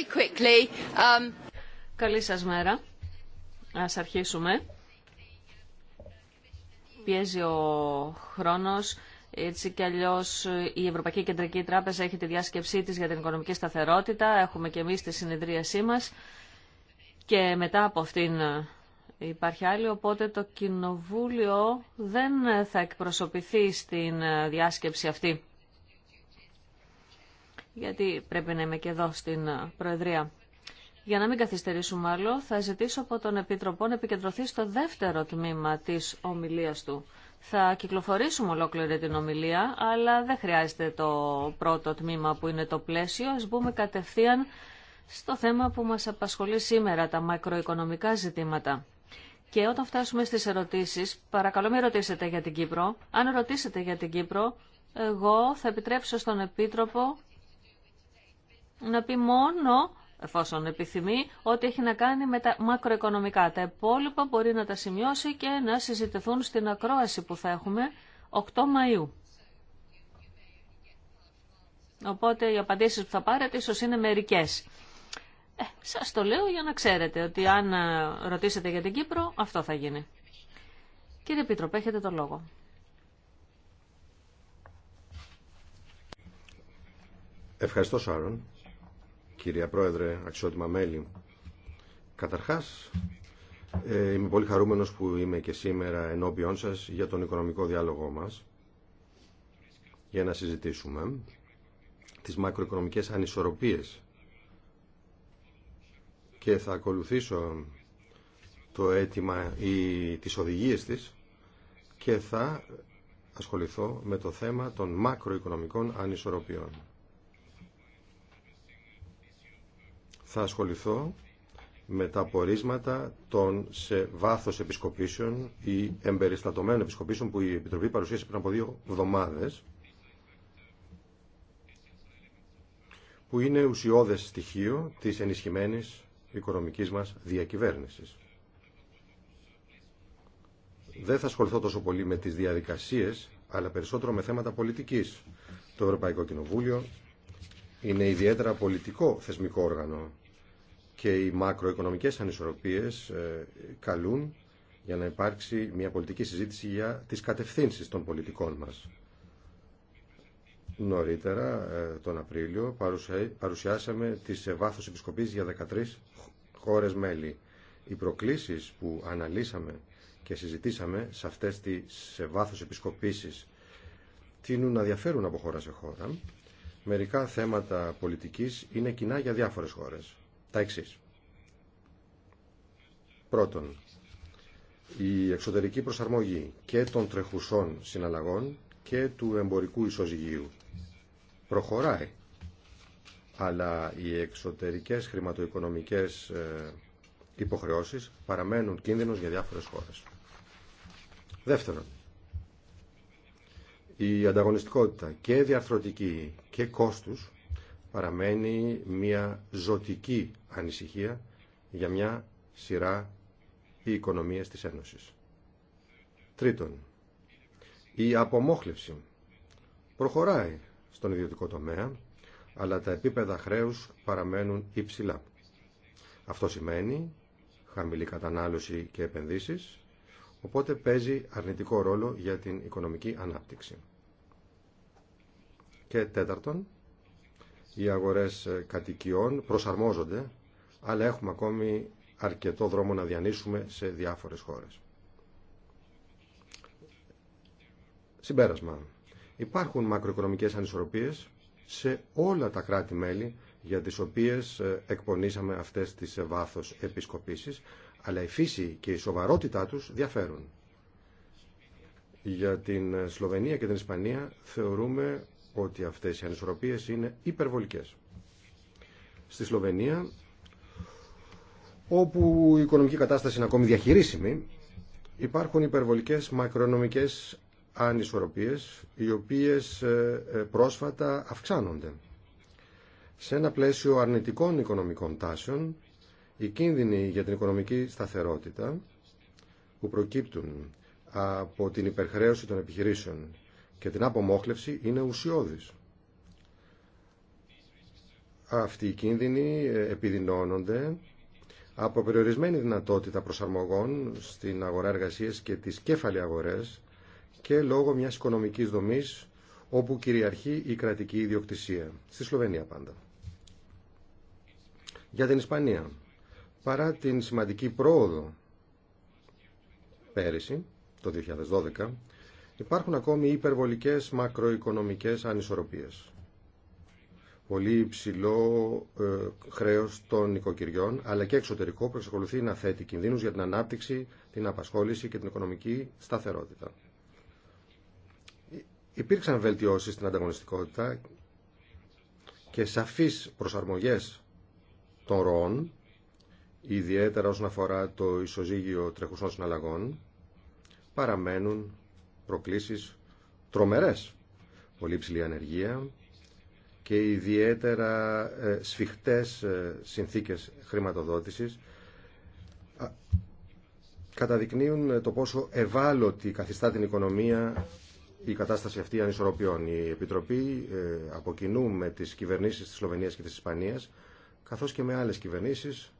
Um, Καλή σας μέρα. Ας αρχίσουμε. Πιέζει ο χρόνος. Έτσι κι αλλιώ η Ευρωπαϊκή Κεντρική Τράπεζα έχει τη διάσκεψή της για την οικονομική σταθερότητα. Έχουμε και εμείς τη συνεδρίασή μας Και μετά από αυτήν υπάρχει άλλη. Οπότε το Κοινοβούλιο δεν θα εκπροσωπηθεί στην διάσκεψη αυτή γιατί πρέπει να είμαι και εδώ στην ε, Προεδρία. Για να μην καθυστερήσουμε άλλο, θα ζητήσω από τον Επίτροπο να επικεντρωθεί στο δεύτερο τμήμα της ομιλίας του. Θα κυκλοφορήσουμε ολόκληρη την ομιλία, αλλά δεν χρειάζεται το πρώτο τμήμα που είναι το πλαίσιο. Ας μπούμε κατευθείαν στο θέμα που μας απασχολεί σήμερα, τα μακροοικονομικά ζητήματα. Και όταν φτάσουμε στις ερωτήσεις, παρακαλώ μην ρωτήσετε για την Κύπρο. Αν ρωτήσετε για την Κύπρο, εγώ θα επιτρέψω στον Επίτροπο να πει μόνο εφόσον επιθυμεί, ότι έχει να κάνει με τα μακροοικονομικά. Τα υπόλοιπα μπορεί να τα σημειώσει και να συζητηθούν στην ακρόαση που θα έχουμε 8 Μαΐου. Οπότε οι απαντήσεις που θα πάρετε ίσως είναι μερικές. Ε, σας το λέω για να ξέρετε ότι αν ε, ρωτήσετε για την Κύπρο, αυτό θα γίνει. Κύριε Επίτροπε, έχετε το λόγο. Ευχαριστώ Σάρων κυρία Πρόεδρε, αξιότιμα μέλη. Καταρχάς, ε, είμαι πολύ χαρούμενος που είμαι και σήμερα ενώπιόν σας για τον οικονομικό διάλογό μας, για να συζητήσουμε τις μακροοικονομικές ανισορροπίες και θα ακολουθήσω το αίτημα ή τις οδηγίες της και θα ασχοληθώ με το θέμα των μακροοικονομικών ανισορροπιών. θα ασχοληθώ με τα πορίσματα των σε βάθος επισκοπήσεων ή εμπεριστατωμένων επισκοπήσεων που η Επιτροπή παρουσίασε πριν από δύο εβδομάδες που είναι ουσιώδες στοιχείο της ενισχυμένης οικονομικής μας διακυβέρνησης. Δεν θα ασχοληθώ τόσο πολύ με τις διαδικασίες, αλλά περισσότερο με θέματα πολιτικής. Το Ευρωπαϊκό Κοινοβούλιο είναι ιδιαίτερα πολιτικό θεσμικό όργανο και οι μακροοικονομικές ανισορροπίες ε, καλούν για να υπάρξει μια πολιτική συζήτηση για τις κατευθύνσεις των πολιτικών μας. Νωρίτερα, ε, τον Απρίλιο, παρουσιάσαμε τις ε, βάθος επισκοπής για 13 χώρες μέλη. Οι προκλήσεις που αναλύσαμε και συζητήσαμε σε αυτές τις βάθος επισκοπήσεις τείνουν να διαφέρουν από χώρα σε χώρα. Μερικά θέματα πολιτικής είναι κοινά για διάφορες χώρες τα εξή. Πρώτον, η εξωτερική προσαρμογή και των τρεχουσών συναλλαγών και του εμπορικού ισοζυγίου προχωράει, αλλά οι εξωτερικές χρηματοοικονομικές ε, υποχρεώσεις παραμένουν κίνδυνος για διάφορες χώρες. Δεύτερον, η ανταγωνιστικότητα και διαρθρωτική και κόστους παραμένει μια ζωτική ανησυχία για μια σειρά η οικονομίες της Ένωσης. Τρίτον, η απομόχλευση προχωράει στον ιδιωτικό τομέα, αλλά τα επίπεδα χρέους παραμένουν υψηλά. Αυτό σημαίνει χαμηλή κατανάλωση και επενδύσεις, οπότε παίζει αρνητικό ρόλο για την οικονομική ανάπτυξη. Και τέταρτον, οι αγορές κατοικιών προσαρμόζονται αλλά έχουμε ακόμη αρκετό δρόμο να διανύσουμε σε διάφορες χώρες. Συμπέρασμα. Υπάρχουν μακροοικονομικές ανισορροπίες σε όλα τα κράτη-μέλη για τις οποίες ε, εκπονήσαμε αυτές τις βάθος επισκοπήσεις, αλλά η φύση και η σοβαρότητά τους διαφέρουν. Για την ε, Σλοβενία και την Ισπανία θεωρούμε ότι αυτές οι ανισορροπίες είναι υπερβολικές. Στη Σλοβενία όπου η οικονομική κατάσταση είναι ακόμη διαχειρίσιμη, υπάρχουν υπερβολικές μακρονομικές ανισορροπίες, οι οποίες ε, ε, πρόσφατα αυξάνονται. Σε ένα πλαίσιο αρνητικών οικονομικών τάσεων, οι κίνδυνοι για την οικονομική σταθερότητα που προκύπτουν από την υπερχρέωση των επιχειρήσεων και την απομόχλευση είναι ουσιώδης. Αυτοί οι κίνδυνοι ε, επιδεινώνονται από περιορισμένη δυνατότητα προσαρμογών στην αγορά εργασίας και τις κέφαλοι αγορές και λόγω μιας οικονομικής δομής όπου κυριαρχεί η κρατική ιδιοκτησία. Στη Σλοβενία πάντα. Για την Ισπανία. Παρά την σημαντική πρόοδο πέρυσι, το 2012, υπάρχουν ακόμη υπερβολικές μακροοικονομικές ανισορροπίες πολύ υψηλό ε, χρέος των οικοκυριών, αλλά και εξωτερικό που εξακολουθεί να θέτει κινδύνους για την ανάπτυξη, την απασχόληση και την οικονομική σταθερότητα. Υπήρξαν βελτιώσεις στην ανταγωνιστικότητα και σαφείς προσαρμογές των ροών, ιδιαίτερα όσον αφορά το ισοζύγιο τρεχουσών συναλλαγών, παραμένουν προκλήσεις τρομερές. Πολύ ψηλή ανεργία, και ιδιαίτερα ε, σφιχτές ε, συνθήκες χρηματοδότησης καταδεικνύουν ε, το πόσο ευάλωτη καθιστά την οικονομία η κατάσταση αυτή ανισορροπιών. Η Επιτροπή από κοινού με τις κυβερνήσεις της Σλοβενίας και της Ισπανίας καθώς και με άλλες κυβερνήσεις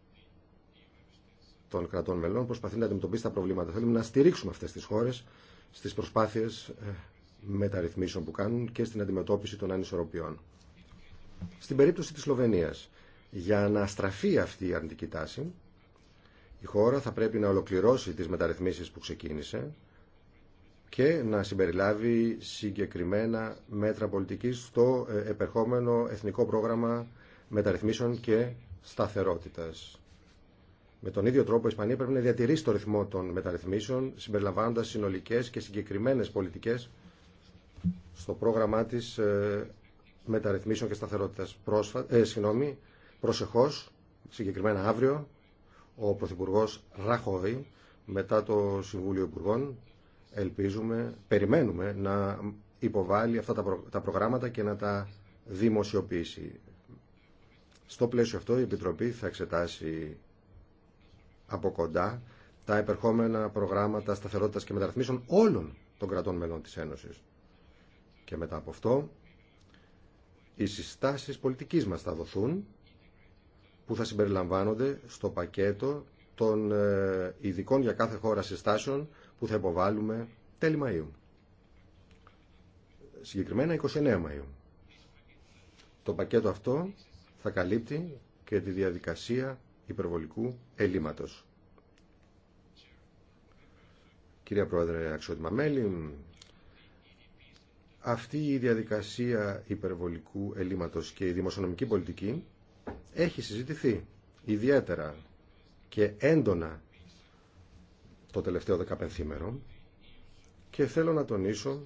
των κρατών μελών προσπαθεί να αντιμετωπίσει τα προβλήματα. Θέλουμε να στηρίξουμε αυτές τις χώρες στις προσπάθειες μεταρρυθμίσεων που κάνουν και στην αντιμετώπιση των ανισορροπιών. Στην περίπτωση της Σλοβενίας, για να στραφεί αυτή η αρνητική τάση, η χώρα θα πρέπει να ολοκληρώσει τις μεταρρυθμίσεις που ξεκίνησε και να συμπεριλάβει συγκεκριμένα μέτρα πολιτικής στο ε, επερχόμενο εθνικό πρόγραμμα μεταρρυθμίσεων και σταθερότητας. Με τον ίδιο τρόπο η Ισπανία πρέπει να διατηρήσει το ρυθμό των μεταρρυθμίσεων συμπεριλαμβάνοντας συνολικές και συγκεκριμένες πολιτικές στο πρόγραμμά της ε, μεταρρυθμίσεων και σταθερότητα. ε, συγγνώμη, προσεχώς, συγκεκριμένα αύριο, ο Πρωθυπουργό Ραχόη, μετά το Συμβούλιο Υπουργών, ελπίζουμε, περιμένουμε να υποβάλει αυτά τα, τα προγράμματα και να τα δημοσιοποιήσει. Στο πλαίσιο αυτό η Επιτροπή θα εξετάσει από κοντά τα επερχόμενα προγράμματα σταθερότητας και μεταρρυθμίσεων όλων των κρατών μελών της Ένωσης. Και μετά από αυτό οι συστάσεις πολιτικής μας θα δοθούν που θα συμπεριλαμβάνονται στο πακέτο των ε, ειδικών για κάθε χώρα συστάσεων που θα υποβάλουμε τέλη Μαΐου. Συγκεκριμένα 29 Μαΐου. Το πακέτο αυτό θα καλύπτει και τη διαδικασία υπερβολικού ελλείμματος. Κυρία Πρόεδρε, αξιότιμα μέλη, αυτή η διαδικασία υπερβολικού ελλείμματος και η δημοσιονομική πολιτική έχει συζητηθεί ιδιαίτερα και έντονα το τελευταίο δεκαπενθήμερο και θέλω να τονίσω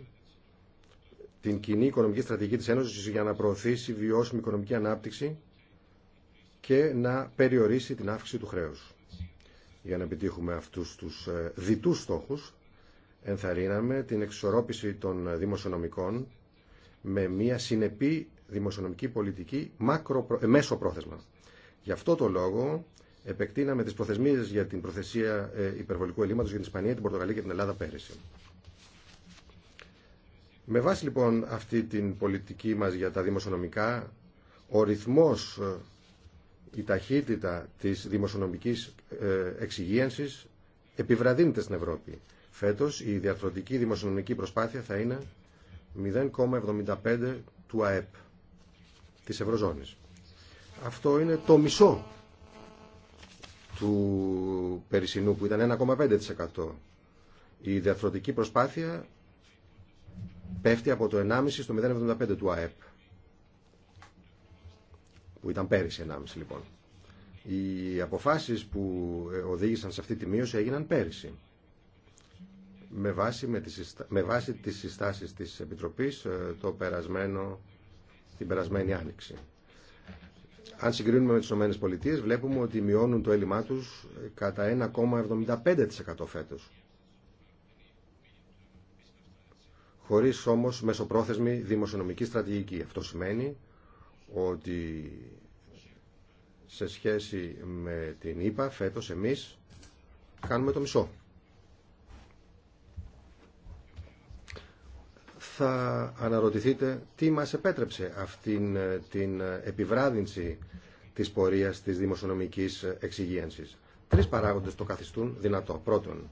την κοινή οικονομική στρατηγική της Ένωσης για να προωθήσει βιώσιμη οικονομική ανάπτυξη και να περιορίσει την αύξηση του χρέους. Για να επιτύχουμε αυτούς τους ε, διτούς στόχους ενθαρρύναμε την εξορρόπηση των δημοσιονομικών με μια συνεπή δημοσιονομική πολιτική ε, μέσο πρόθεσμα. Γι' αυτό το λόγο επεκτείναμε τις προθεσμίες για την προθεσία ε, υπερβολικού ελλείμματος για την Ισπανία, την Πορτογαλία και την Ελλάδα πέρυσι. Με βάση λοιπόν αυτή την πολιτική μας για τα δημοσιονομικά, ο ρυθμός, ε, η ταχύτητα της δημοσιονομικής εξυγίανσης επιβραδύνεται στην Ευρώπη. Φέτος η διαρθρωτική δημοσιονομική προσπάθεια θα είναι 0,75 του ΑΕΠ της Ευρωζώνης. Αυτό είναι το μισό του περσινού που ήταν 1,5%. Η διαρθρωτική προσπάθεια πέφτει από το 1,5 στο 0,75 του ΑΕΠ. Που ήταν πέρυσι 1,5 λοιπόν. Οι αποφάσεις που οδήγησαν σε αυτή τη μείωση έγιναν πέρυσι με βάση, με τις, με βάση τις συστάσεις της Επιτροπής ε, το περασμένο, την περασμένη άνοιξη. Αν συγκρίνουμε με τις ΗΠΑ βλέπουμε ότι μειώνουν το έλλειμμά τους ε, κατά 1,75% φέτος. Χωρίς όμως μεσοπρόθεσμη δημοσιονομική στρατηγική. Αυτό σημαίνει ότι σε σχέση με την ΕΠΑ φέτος εμείς κάνουμε το μισό. θα αναρωτηθείτε τι μας επέτρεψε αυτήν ε, την ε, επιβράδυνση της πορείας της δημοσιονομικής εξυγίανσης. Τρεις παράγοντες το καθιστούν δυνατό. Πρώτον,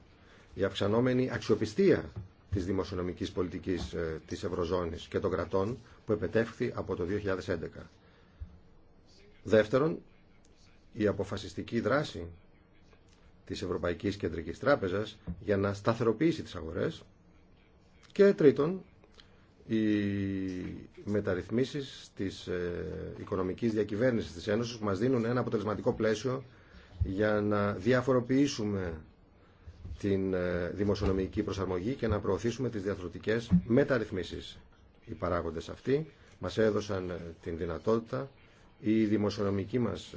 η αυξανόμενη αξιοπιστία της δημοσιονομικής πολιτικής ε, της Ευρωζώνης και των κρατών που επετεύχθη από το 2011. Δεύτερον, η αποφασιστική δράση της Ευρωπαϊκής Κεντρικής Τράπεζας για να σταθεροποιήσει τις αγορές. Και τρίτον, οι μεταρρυθμίσεις της ε, οικονομικής διακυβέρνησης της Ένωσης που μας δίνουν ένα αποτελεσματικό πλαίσιο για να διαφοροποιήσουμε την ε, δημοσιονομική προσαρμογή και να προωθήσουμε τις διαθροτικές μεταρρυθμίσεις. Οι παράγοντες αυτοί μας έδωσαν ε, την δυνατότητα η δημοσιονομική μας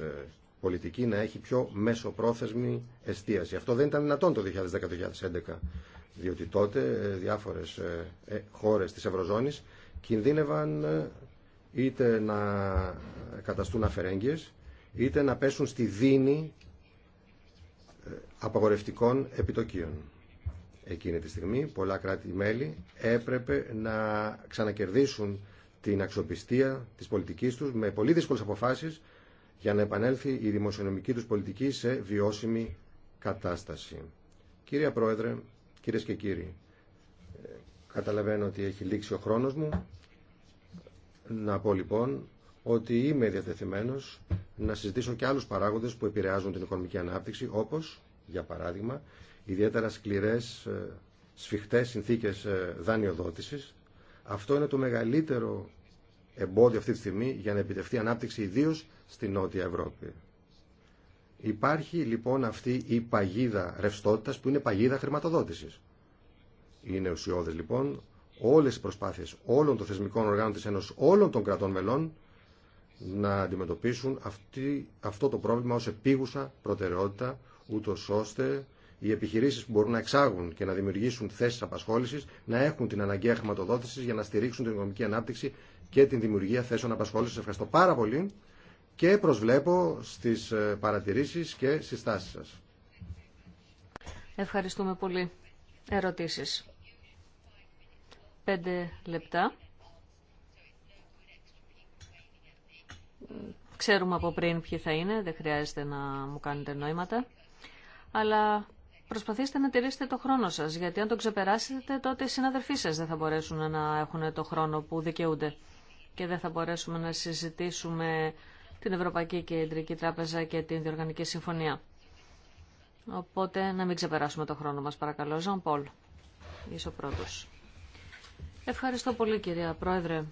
πολιτική να έχει πιο μέσοπρόθεσμη εστίαση. Αυτό δεν ήταν δυνατόν το 2010-2011 διότι τότε ε, διάφορες ε, ε, χώρες της Ευρωζώνης κινδύνευαν είτε να καταστούν αφαιρέγγιες είτε να πέσουν στη δίνη απαγορευτικών επιτοκίων. Εκείνη τη στιγμή πολλά κράτη-μέλη έπρεπε να ξανακερδίσουν την αξιοπιστία της πολιτικής τους με πολύ δύσκολες αποφάσεις για να επανέλθει η δημοσιονομική τους πολιτική σε βιώσιμη κατάσταση. Κύριε Πρόεδρε, Κυρίες και κύριοι, ε, καταλαβαίνω ότι έχει λήξει ο χρόνος μου. Να πω λοιπόν ότι είμαι διατεθειμένος να συζητήσω και άλλους παράγοντες που επηρεάζουν την οικονομική ανάπτυξη, όπως, για παράδειγμα, ιδιαίτερα σκληρές, ε, σφιχτές συνθήκες ε, δανειοδότησης. Αυτό είναι το μεγαλύτερο εμπόδιο αυτή τη στιγμή για να επιτευχθεί ανάπτυξη ιδίω στη Νότια Ευρώπη. Υπάρχει λοιπόν αυτή η παγίδα ρευστότητα, που είναι παγίδα χρηματοδότηση. Είναι ουσιώδε λοιπόν όλες οι προσπάθειες όλων των θεσμικών οργάνων τη Ένωση, όλων των κρατών μελών να αντιμετωπίσουν αυτή, αυτό το πρόβλημα ω επίγουσα προτεραιότητα ούτω ώστε οι επιχειρήσει που μπορούν να εξάγουν και να δημιουργήσουν θέσεις απασχόληση, να έχουν την αναγκαία χρηματοδότηση για να στηρίξουν την οικονομική ανάπτυξη και την δημιουργία θέσεων απασχόληση. Ευχαριστώ πάρα πολύ και προσβλέπω στις ε, παρατηρήσεις και συστάσεις σας. Ευχαριστούμε πολύ. Ερωτήσεις. Πέντε λεπτά. Ξέρουμε από πριν ποιοι θα είναι, δεν χρειάζεται να μου κάνετε νόηματα. Αλλά προσπαθήστε να τηρήσετε το χρόνο σας, γιατί αν το ξεπεράσετε τότε οι συναδελφοί σας δεν θα μπορέσουν να έχουν το χρόνο που δικαιούνται και δεν θα μπορέσουμε να συζητήσουμε την Ευρωπαϊκή Κεντρική Τράπεζα και την Διοργανική Συμφωνία. Οπότε να μην ξεπεράσουμε το χρόνο μας παρακαλώ. Ζαν Πολ, είσαι ο πρώτος. Ευχαριστώ πολύ κυρία Πρόεδρε.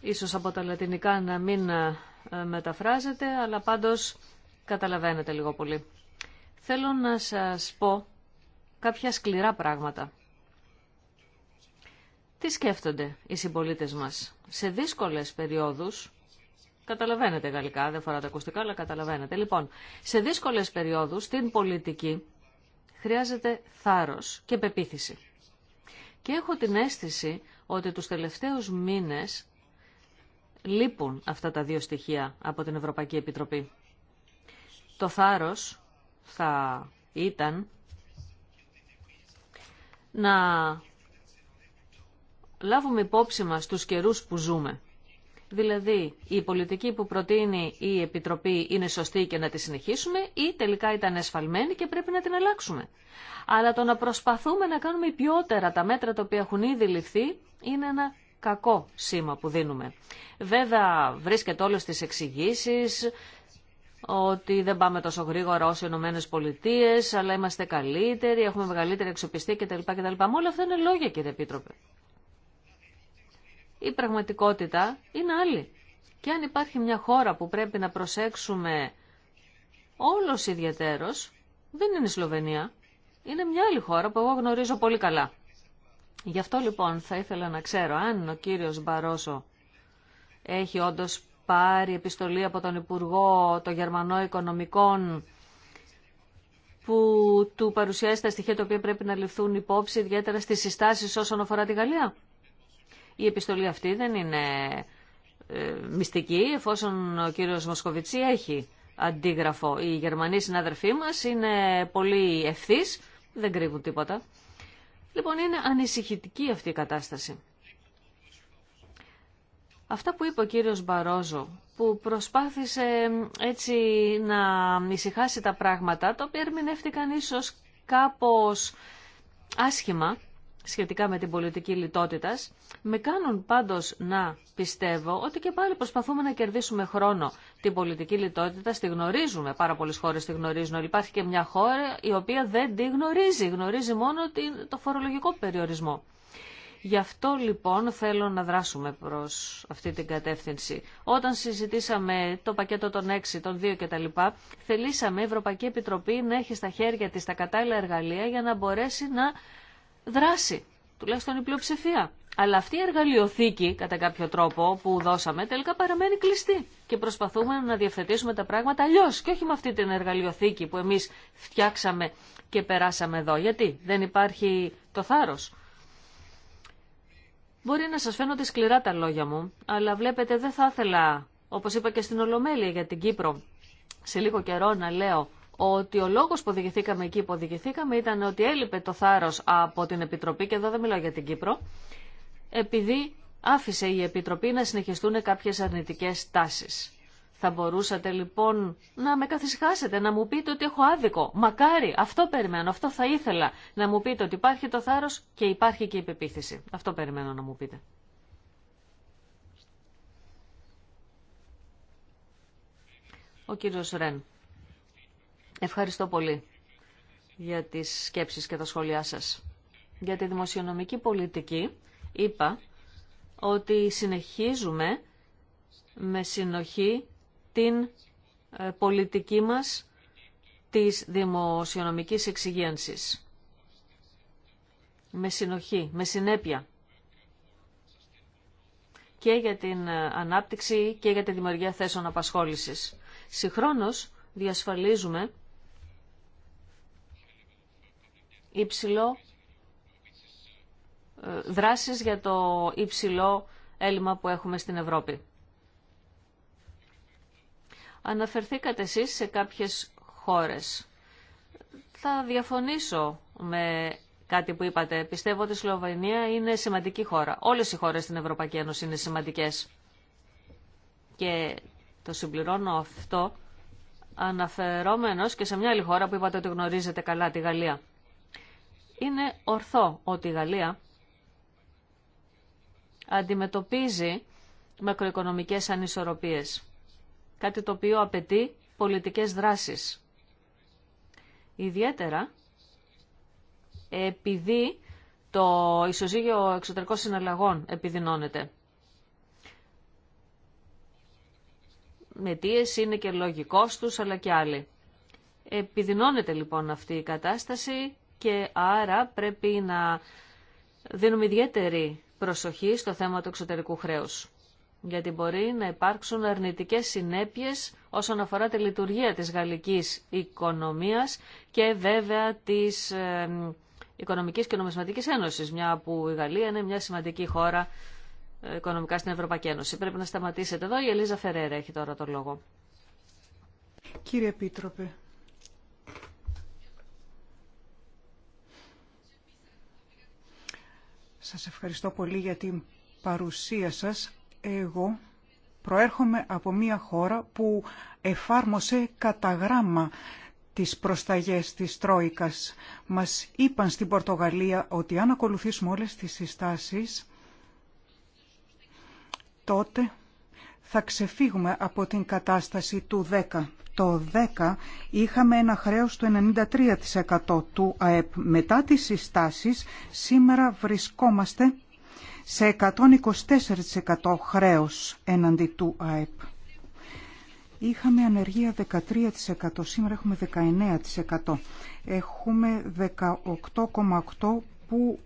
Ίσως από τα λατινικά να μην ε, μεταφράζεται, αλλά πάντως καταλαβαίνετε λίγο πολύ. Θέλω να σας πω κάποια σκληρά πράγματα. Τι σκέφτονται οι συμπολίτε μας σε δύσκολες περιόδους, καταλαβαίνετε γαλλικά, δεν φοράτε ακουστικά, αλλά καταλαβαίνετε. Λοιπόν, σε δύσκολες περιόδους στην πολιτική χρειάζεται θάρρος και πεποίθηση. Και έχω την αίσθηση ότι τους τελευταίους μήνες λείπουν αυτά τα δύο στοιχεία από την Ευρωπαϊκή Επιτροπή. Το θάρρος θα ήταν να λάβουμε υπόψη μας τους καιρούς που ζούμε. Δηλαδή, η πολιτική που προτείνει η Επιτροπή είναι σωστή και να τη συνεχίσουμε ή τελικά ήταν εσφαλμένη και πρέπει να την αλλάξουμε. Αλλά το να προσπαθούμε να κάνουμε ποιότερα τα μέτρα τα οποία έχουν ήδη ληφθεί είναι ένα κακό σήμα που δίνουμε. Βέβαια, βρίσκεται όλες τις εξηγήσει ότι δεν πάμε τόσο γρήγορα ως οι Ηνωμένε αλλά είμαστε καλύτεροι, έχουμε μεγαλύτερη εξοπιστή κτλ. κτλ. όλα αυτά είναι λόγια, κύριε Επίτροπε η πραγματικότητα είναι άλλη. Και αν υπάρχει μια χώρα που πρέπει να προσέξουμε όλος ιδιαίτερος, δεν είναι η Σλοβενία. Είναι μια άλλη χώρα που εγώ γνωρίζω πολύ καλά. Γι' αυτό λοιπόν θα ήθελα να ξέρω αν ο κύριος Μπαρόσο έχει όντως πάρει επιστολή από τον Υπουργό των Γερμανό Οικονομικών που του παρουσιάζει τα στοιχεία τα οποία πρέπει να ληφθούν υπόψη ιδιαίτερα στις συστάσεις όσον αφορά τη Γαλλία. Η επιστολή αυτή δεν είναι ε, μυστική, εφόσον ο κύριος Μοσκοβιτσί έχει αντίγραφο. Οι Γερμανοί συνάδελφοί μας είναι πολύ ευθύς, δεν κρύβουν τίποτα. Λοιπόν, είναι ανησυχητική αυτή η κατάσταση. Αυτά που είπε ο κύριος Μπαρόζο, που προσπάθησε έτσι να ησυχάσει τα πράγματα, τα οποία ερμηνεύτηκαν ίσως κάπως άσχημα, σχετικά με την πολιτική λιτότητα, με κάνουν πάντως να πιστεύω ότι και πάλι προσπαθούμε να κερδίσουμε χρόνο. Την πολιτική λιτότητα τη γνωρίζουμε, πάρα πολλέ χώρε τη γνωρίζουν, υπάρχει και μια χώρα η οποία δεν τη γνωρίζει, γνωρίζει μόνο το φορολογικό περιορισμό. Γι' αυτό λοιπόν θέλω να δράσουμε προς αυτή την κατεύθυνση. Όταν συζητήσαμε το πακέτο των 6, των 2 κτλ, θελήσαμε η Ευρωπαϊκή Επιτροπή να έχει στα χέρια τη τα κατάλληλα εργαλεία για να μπορέσει να δράση, τουλάχιστον η πλειοψηφία. Αλλά αυτή η εργαλειοθήκη, κατά κάποιο τρόπο, που δώσαμε, τελικά παραμένει κλειστή. Και προσπαθούμε να διευθετήσουμε τα πράγματα αλλιώ. Και όχι με αυτή την εργαλειοθήκη που εμεί φτιάξαμε και περάσαμε εδώ. Γιατί δεν υπάρχει το θάρρο. Μπορεί να σα φαίνονται σκληρά τα λόγια μου, αλλά βλέπετε δεν θα ήθελα, όπω είπα και στην Ολομέλεια για την Κύπρο, σε λίγο καιρό να λέω ότι ο λόγος που οδηγηθήκαμε εκεί που οδηγηθήκαμε ήταν ότι έλειπε το θάρρος από την Επιτροπή, και εδώ δεν μιλάω για την Κύπρο, επειδή άφησε η Επιτροπή να συνεχιστούν κάποιες αρνητικές τάσεις. Θα μπορούσατε λοιπόν να με καθυσχάσετε, να μου πείτε ότι έχω άδικο. Μακάρι, αυτό περιμένω, αυτό θα ήθελα. Να μου πείτε ότι υπάρχει το θάρρος και υπάρχει και η πεποίθηση. Αυτό περιμένω να μου πείτε. Ο κύριος Ρεν. Ευχαριστώ πολύ για τις σκέψεις και τα σχόλιά σας. Για τη δημοσιονομική πολιτική είπα ότι συνεχίζουμε με συνοχή την ε, πολιτική μας της δημοσιονομικής εξυγένσης. Με συνοχή, με συνέπεια. Και για την ε, ανάπτυξη και για τη δημιουργία θέσεων απασχόλησης. Συγχρόνως διασφαλίζουμε υψηλό ε, δράσεις για το υψηλό έλλειμμα που έχουμε στην Ευρώπη. Αναφερθήκατε εσείς σε κάποιες χώρες. Θα διαφωνήσω με κάτι που είπατε. Πιστεύω ότι η Σλοβενία είναι σημαντική χώρα. Όλες οι χώρες στην Ευρωπαϊκή Ένωση είναι σημαντικές. Και το συμπληρώνω αυτό αναφερόμενος και σε μια άλλη χώρα που είπατε ότι γνωρίζετε καλά, τη Γαλλία. Είναι ορθό ότι η Γαλλία αντιμετωπίζει μακροοικονομικές ανισορροπίες, κάτι το οποίο απαιτεί πολιτικές δράσεις. Ιδιαίτερα επειδή το ισοζύγιο εξωτερικών συναλλαγών επιδεινώνεται. Μετίες είναι και λογικός τους αλλά και άλλοι. Επιδεινώνεται λοιπόν αυτή η κατάσταση και άρα πρέπει να δίνουμε ιδιαίτερη προσοχή στο θέμα του εξωτερικού χρέους. Γιατί μπορεί να υπάρξουν αρνητικές συνέπειες όσον αφορά τη λειτουργία της γαλλικής οικονομίας και βέβαια της Οικονομικής και Νομισματικής Ένωσης, μια που η Γαλλία είναι μια σημαντική χώρα ε, οικονομικά στην Ευρωπαϊκή Ένωση. Πρέπει να σταματήσετε εδώ. Η Ελίζα Φερέρα έχει τώρα το λόγο. Κύριε Επίτροπε, Σας ευχαριστώ πολύ για την παρουσία σας. Εγώ προέρχομαι από μια χώρα που εφάρμοσε κατά γράμμα τις προσταγές της Τρόικας. Μας είπαν στην Πορτογαλία ότι αν ακολουθήσουμε όλες τις συστάσεις, τότε θα ξεφύγουμε από την κατάσταση του 10 το 10 είχαμε ένα χρέος του 93% του ΑΕΠ. Μετά τις συστάσεις σήμερα βρισκόμαστε σε 124% χρέος έναντι του ΑΕΠ. Είχαμε ανεργία 13%, σήμερα έχουμε 19%. Έχουμε 18,8% που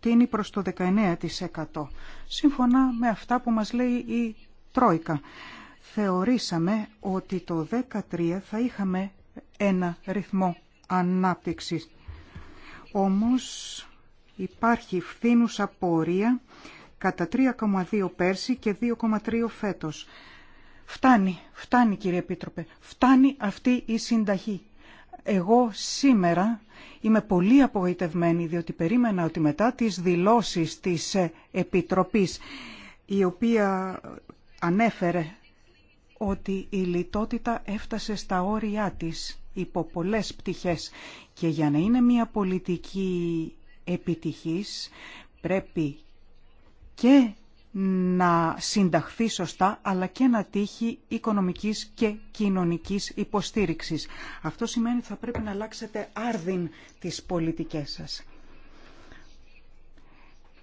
τίνει προς το 19%. Σύμφωνα με αυτά που μας λέει η Τρόικα θεωρήσαμε ότι το 2013 θα είχαμε ένα ρυθμό ανάπτυξης. Όμως υπάρχει φθήνουσα πορεία κατά 3,2 πέρσι και 2,3 φέτος. Φτάνει, φτάνει κύριε Επίτροπε, φτάνει αυτή η συνταγή. Εγώ σήμερα είμαι πολύ απογοητευμένη διότι περίμενα ότι μετά τις δηλώσεις της Επιτροπής η οποία ανέφερε ότι η λιτότητα έφτασε στα όρια της υπό πολλές πτυχές και για να είναι μια πολιτική επιτυχής πρέπει και να συνταχθεί σωστά αλλά και να τύχει οικονομικής και κοινωνικής υποστήριξης. Αυτό σημαίνει ότι θα πρέπει να αλλάξετε άρδιν τις πολιτικές σας.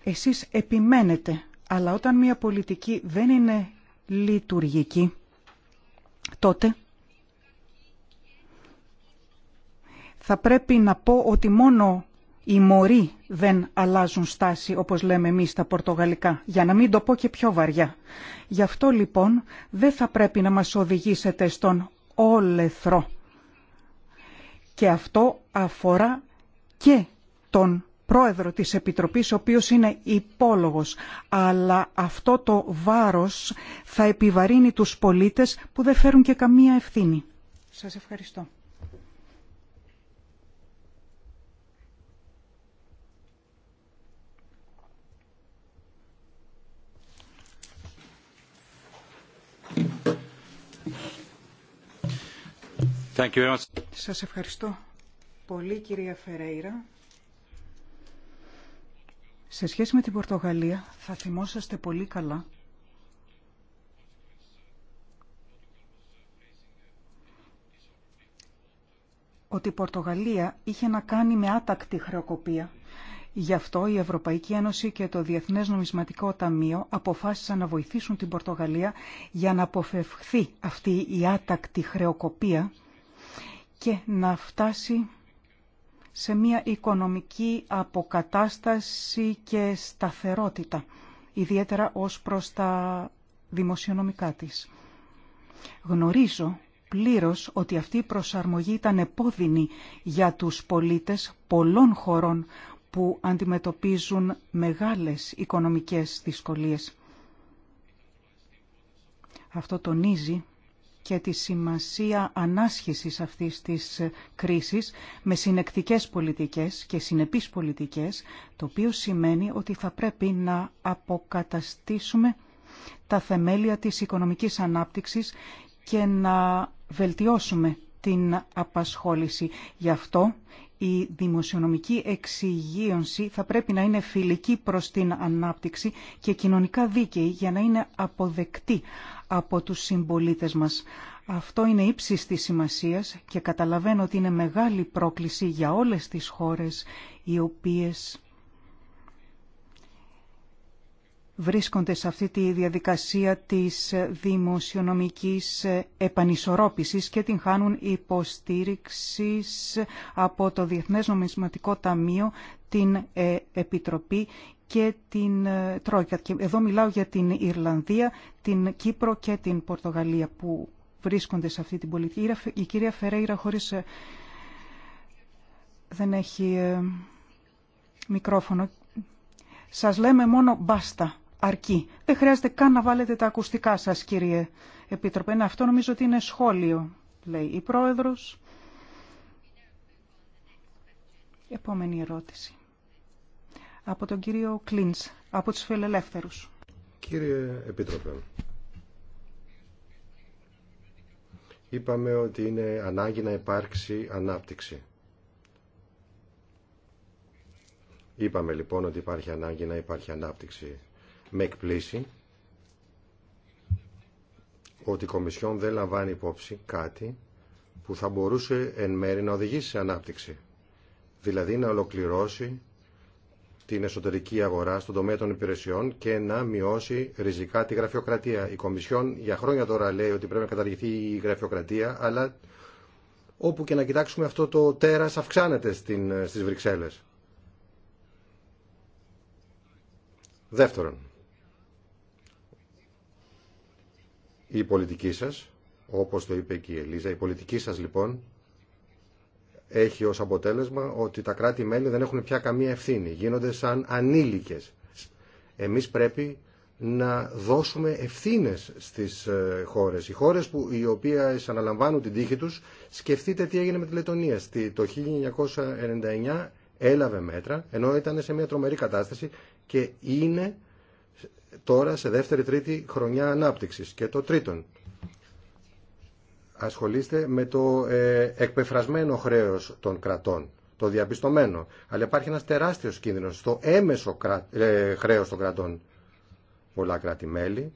Εσείς επιμένετε, αλλά όταν μια πολιτική δεν είναι λειτουργική, τότε θα πρέπει να πω ότι μόνο οι μοροί δεν αλλάζουν στάση, όπως λέμε εμείς τα πορτογαλικά, για να μην το πω και πιο βαριά. Γι' αυτό λοιπόν δεν θα πρέπει να μας οδηγήσετε στον όλεθρο. Και αυτό αφορά και τον πρόεδρο της Επιτροπής, ο οποίος είναι υπόλογος. Αλλά αυτό το βάρος θα επιβαρύνει τους πολίτες που δεν φέρουν και καμία ευθύνη. Σας ευχαριστώ. Thank Σας ευχαριστώ πολύ κυρία Φερέιρα. Σε σχέση με την Πορτογαλία θα θυμόσαστε πολύ καλά ότι η Πορτογαλία είχε να κάνει με άτακτη χρεοκοπία. Γι' αυτό η Ευρωπαϊκή Ένωση και το Διεθνές Νομισματικό Ταμείο αποφάσισαν να βοηθήσουν την Πορτογαλία για να αποφευχθεί αυτή η άτακτη χρεοκοπία και να φτάσει σε μια οικονομική αποκατάσταση και σταθερότητα, ιδιαίτερα ως προς τα δημοσιονομικά της. Γνωρίζω πλήρως ότι αυτή η προσαρμογή ήταν επώδυνη για τους πολίτες πολλών χωρών που αντιμετωπίζουν μεγάλες οικονομικές δυσκολίες. Αυτό τονίζει και τη σημασία ανάσχεσης αυτής της κρίσης με συνεκτικές πολιτικές και συνεπείς πολιτικές, το οποίο σημαίνει ότι θα πρέπει να αποκαταστήσουμε τα θεμέλια της οικονομικής ανάπτυξης και να βελτιώσουμε την απασχόληση. Γι' αυτό η δημοσιονομική εξυγείωση θα πρέπει να είναι φιλική προς την ανάπτυξη και κοινωνικά δίκαιη για να είναι αποδεκτή από τους συμπολίτες μας. Αυτό είναι ύψης της σημασίας και καταλαβαίνω ότι είναι μεγάλη πρόκληση για όλες τις χώρες οι οποίες βρίσκονται σε αυτή τη διαδικασία της δημοσιονομικής επανισορρόπησης και την χάνουν υποστήριξη από το Διεθνές Νομισματικό Ταμείο, την ε, Επιτροπή και την ε, Τρόικα. Και εδώ μιλάω για την Ιρλανδία, την Κύπρο και την Πορτογαλία που βρίσκονται σε αυτή την πολιτική. Η κυρία Φερέιρα χωρίς... Ε, δεν έχει ε, μικρόφωνο. Σας λέμε μόνο μπάστα, αρκεί. Δεν χρειάζεται καν να βάλετε τα ακουστικά σας κύριε Επίτροπε. Ναι, αυτό νομίζω ότι είναι σχόλιο, λέει η Πρόεδρος. Επόμενη ερώτηση από τον κύριο Κλίντς, από τους φιλελεύθερους. Κύριε Επίτροπε, είπαμε ότι είναι ανάγκη να υπάρξει ανάπτυξη. Είπαμε λοιπόν ότι υπάρχει ανάγκη να υπάρχει ανάπτυξη. Με εκπλήση. ότι η Κομισιόν δεν λαμβάνει υπόψη κάτι που θα μπορούσε εν μέρη να οδηγήσει σε ανάπτυξη. Δηλαδή να ολοκληρώσει την εσωτερική αγορά στον τομέα των υπηρεσιών και να μειώσει ριζικά τη γραφειοκρατία. Η Κομισιόν για χρόνια τώρα λέει ότι πρέπει να καταργηθεί η γραφειοκρατία, αλλά όπου και να κοιτάξουμε αυτό το τέρας αυξάνεται στην, στις Βρυξέλλες. Δεύτερον, η πολιτική σας, όπως το είπε και η Ελίζα, η πολιτική σας λοιπόν έχει ως αποτέλεσμα ότι τα κράτη-μέλη δεν έχουν πια καμία ευθύνη. Γίνονται σαν ανήλικες. Εμείς πρέπει να δώσουμε ευθύνες στις ε, χώρες. Οι χώρες που, οι οποίες αναλαμβάνουν την τύχη τους, σκεφτείτε τι έγινε με τη Λετωνία. Το 1999 έλαβε μέτρα, ενώ ήταν σε μια τρομερή κατάσταση και είναι τώρα σε δεύτερη-τρίτη χρονιά ανάπτυξης. Και το τρίτον, ασχολείστε με το ε, εκπεφρασμένο χρέος των κρατών, το διαπιστωμένο. Αλλά υπάρχει ένας τεράστιος κίνδυνος στο έμεσο ε, χρέος των κρατών. Πολλά κράτη-μέλη,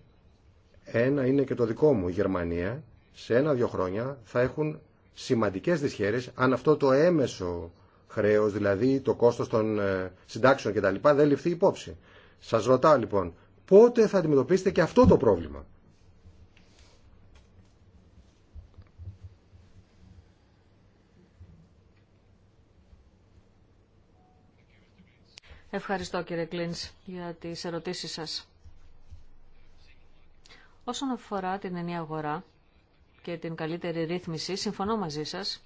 ένα είναι και το δικό μου, η Γερμανία, σε ένα-δύο χρόνια θα έχουν σημαντικές δυσχέρειες αν αυτό το έμεσο χρέος, δηλαδή το κόστος των ε, συντάξεων κτλ. δεν ληφθεί υπόψη. Σας ρωτάω λοιπόν, πότε θα αντιμετωπίσετε και αυτό το πρόβλημα. Ευχαριστώ κύριε Κλίνς για τις ερωτήσεις σας. Όσον αφορά την ενιαία αγορά και την καλύτερη ρύθμιση, συμφωνώ μαζί σας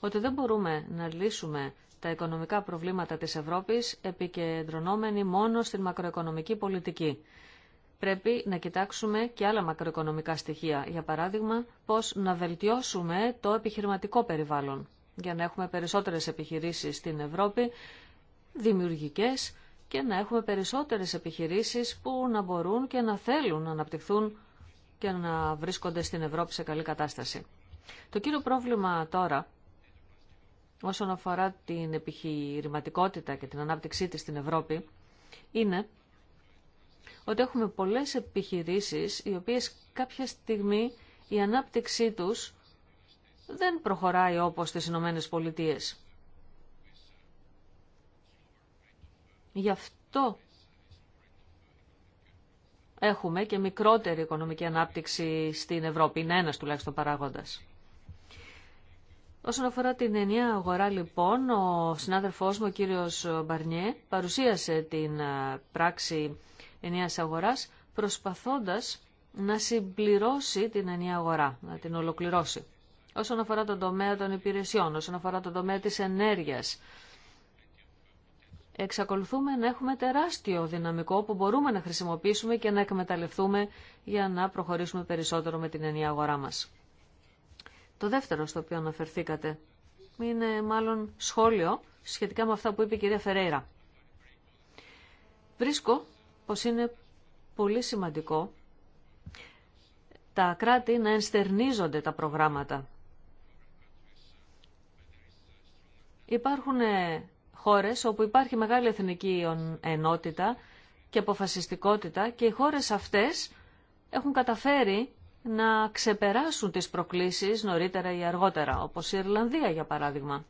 ότι δεν μπορούμε να λύσουμε τα οικονομικά προβλήματα της Ευρώπης επικεντρωνόμενοι μόνο στην μακροοικονομική πολιτική. Πρέπει να κοιτάξουμε και άλλα μακροοικονομικά στοιχεία, για παράδειγμα πώς να βελτιώσουμε το επιχειρηματικό περιβάλλον για να έχουμε περισσότερες επιχειρήσεις στην Ευρώπη δημιουργικές και να έχουμε περισσότερες επιχειρήσεις που να μπορούν και να θέλουν να αναπτυχθούν και να βρίσκονται στην Ευρώπη σε καλή κατάσταση. Το κύριο πρόβλημα τώρα, όσον αφορά την επιχειρηματικότητα και την ανάπτυξή της στην Ευρώπη, είναι ότι έχουμε πολλές επιχειρήσεις οι οποίες κάποια στιγμή η ανάπτυξή τους δεν προχωράει όπως στις Ηνωμένε Πολιτείες. Γι' αυτό έχουμε και μικρότερη οικονομική ανάπτυξη στην Ευρώπη. Είναι ένας τουλάχιστον παράγοντας. Όσον αφορά την ενιαία αγορά λοιπόν, ο συνάδελφός μου, ο κύριος Μπαρνιέ, παρουσίασε την πράξη ενιαίας αγοράς προσπαθώντας να συμπληρώσει την ενιαία αγορά, να την ολοκληρώσει. Όσον αφορά τον τομέα των υπηρεσιών, όσον αφορά τον τομέα της ενέργειας, εξακολουθούμε να έχουμε τεράστιο δυναμικό που μπορούμε να χρησιμοποιήσουμε και να εκμεταλλευτούμε για να προχωρήσουμε περισσότερο με την ενιαία αγορά μας. Το δεύτερο στο οποίο αναφερθήκατε είναι μάλλον σχόλιο σχετικά με αυτά που είπε η κυρία Φερέιρα. Βρίσκω πως είναι πολύ σημαντικό τα κράτη να ενστερνίζονται τα προγράμματα. Υπάρχουν χώρες όπου υπάρχει μεγάλη εθνική ενότητα και αποφασιστικότητα και οι χώρες αυτές έχουν καταφέρει να ξεπεράσουν τις προκλήσεις νωρίτερα ή αργότερα, όπως η Ιρλανδία για παράδειγμα.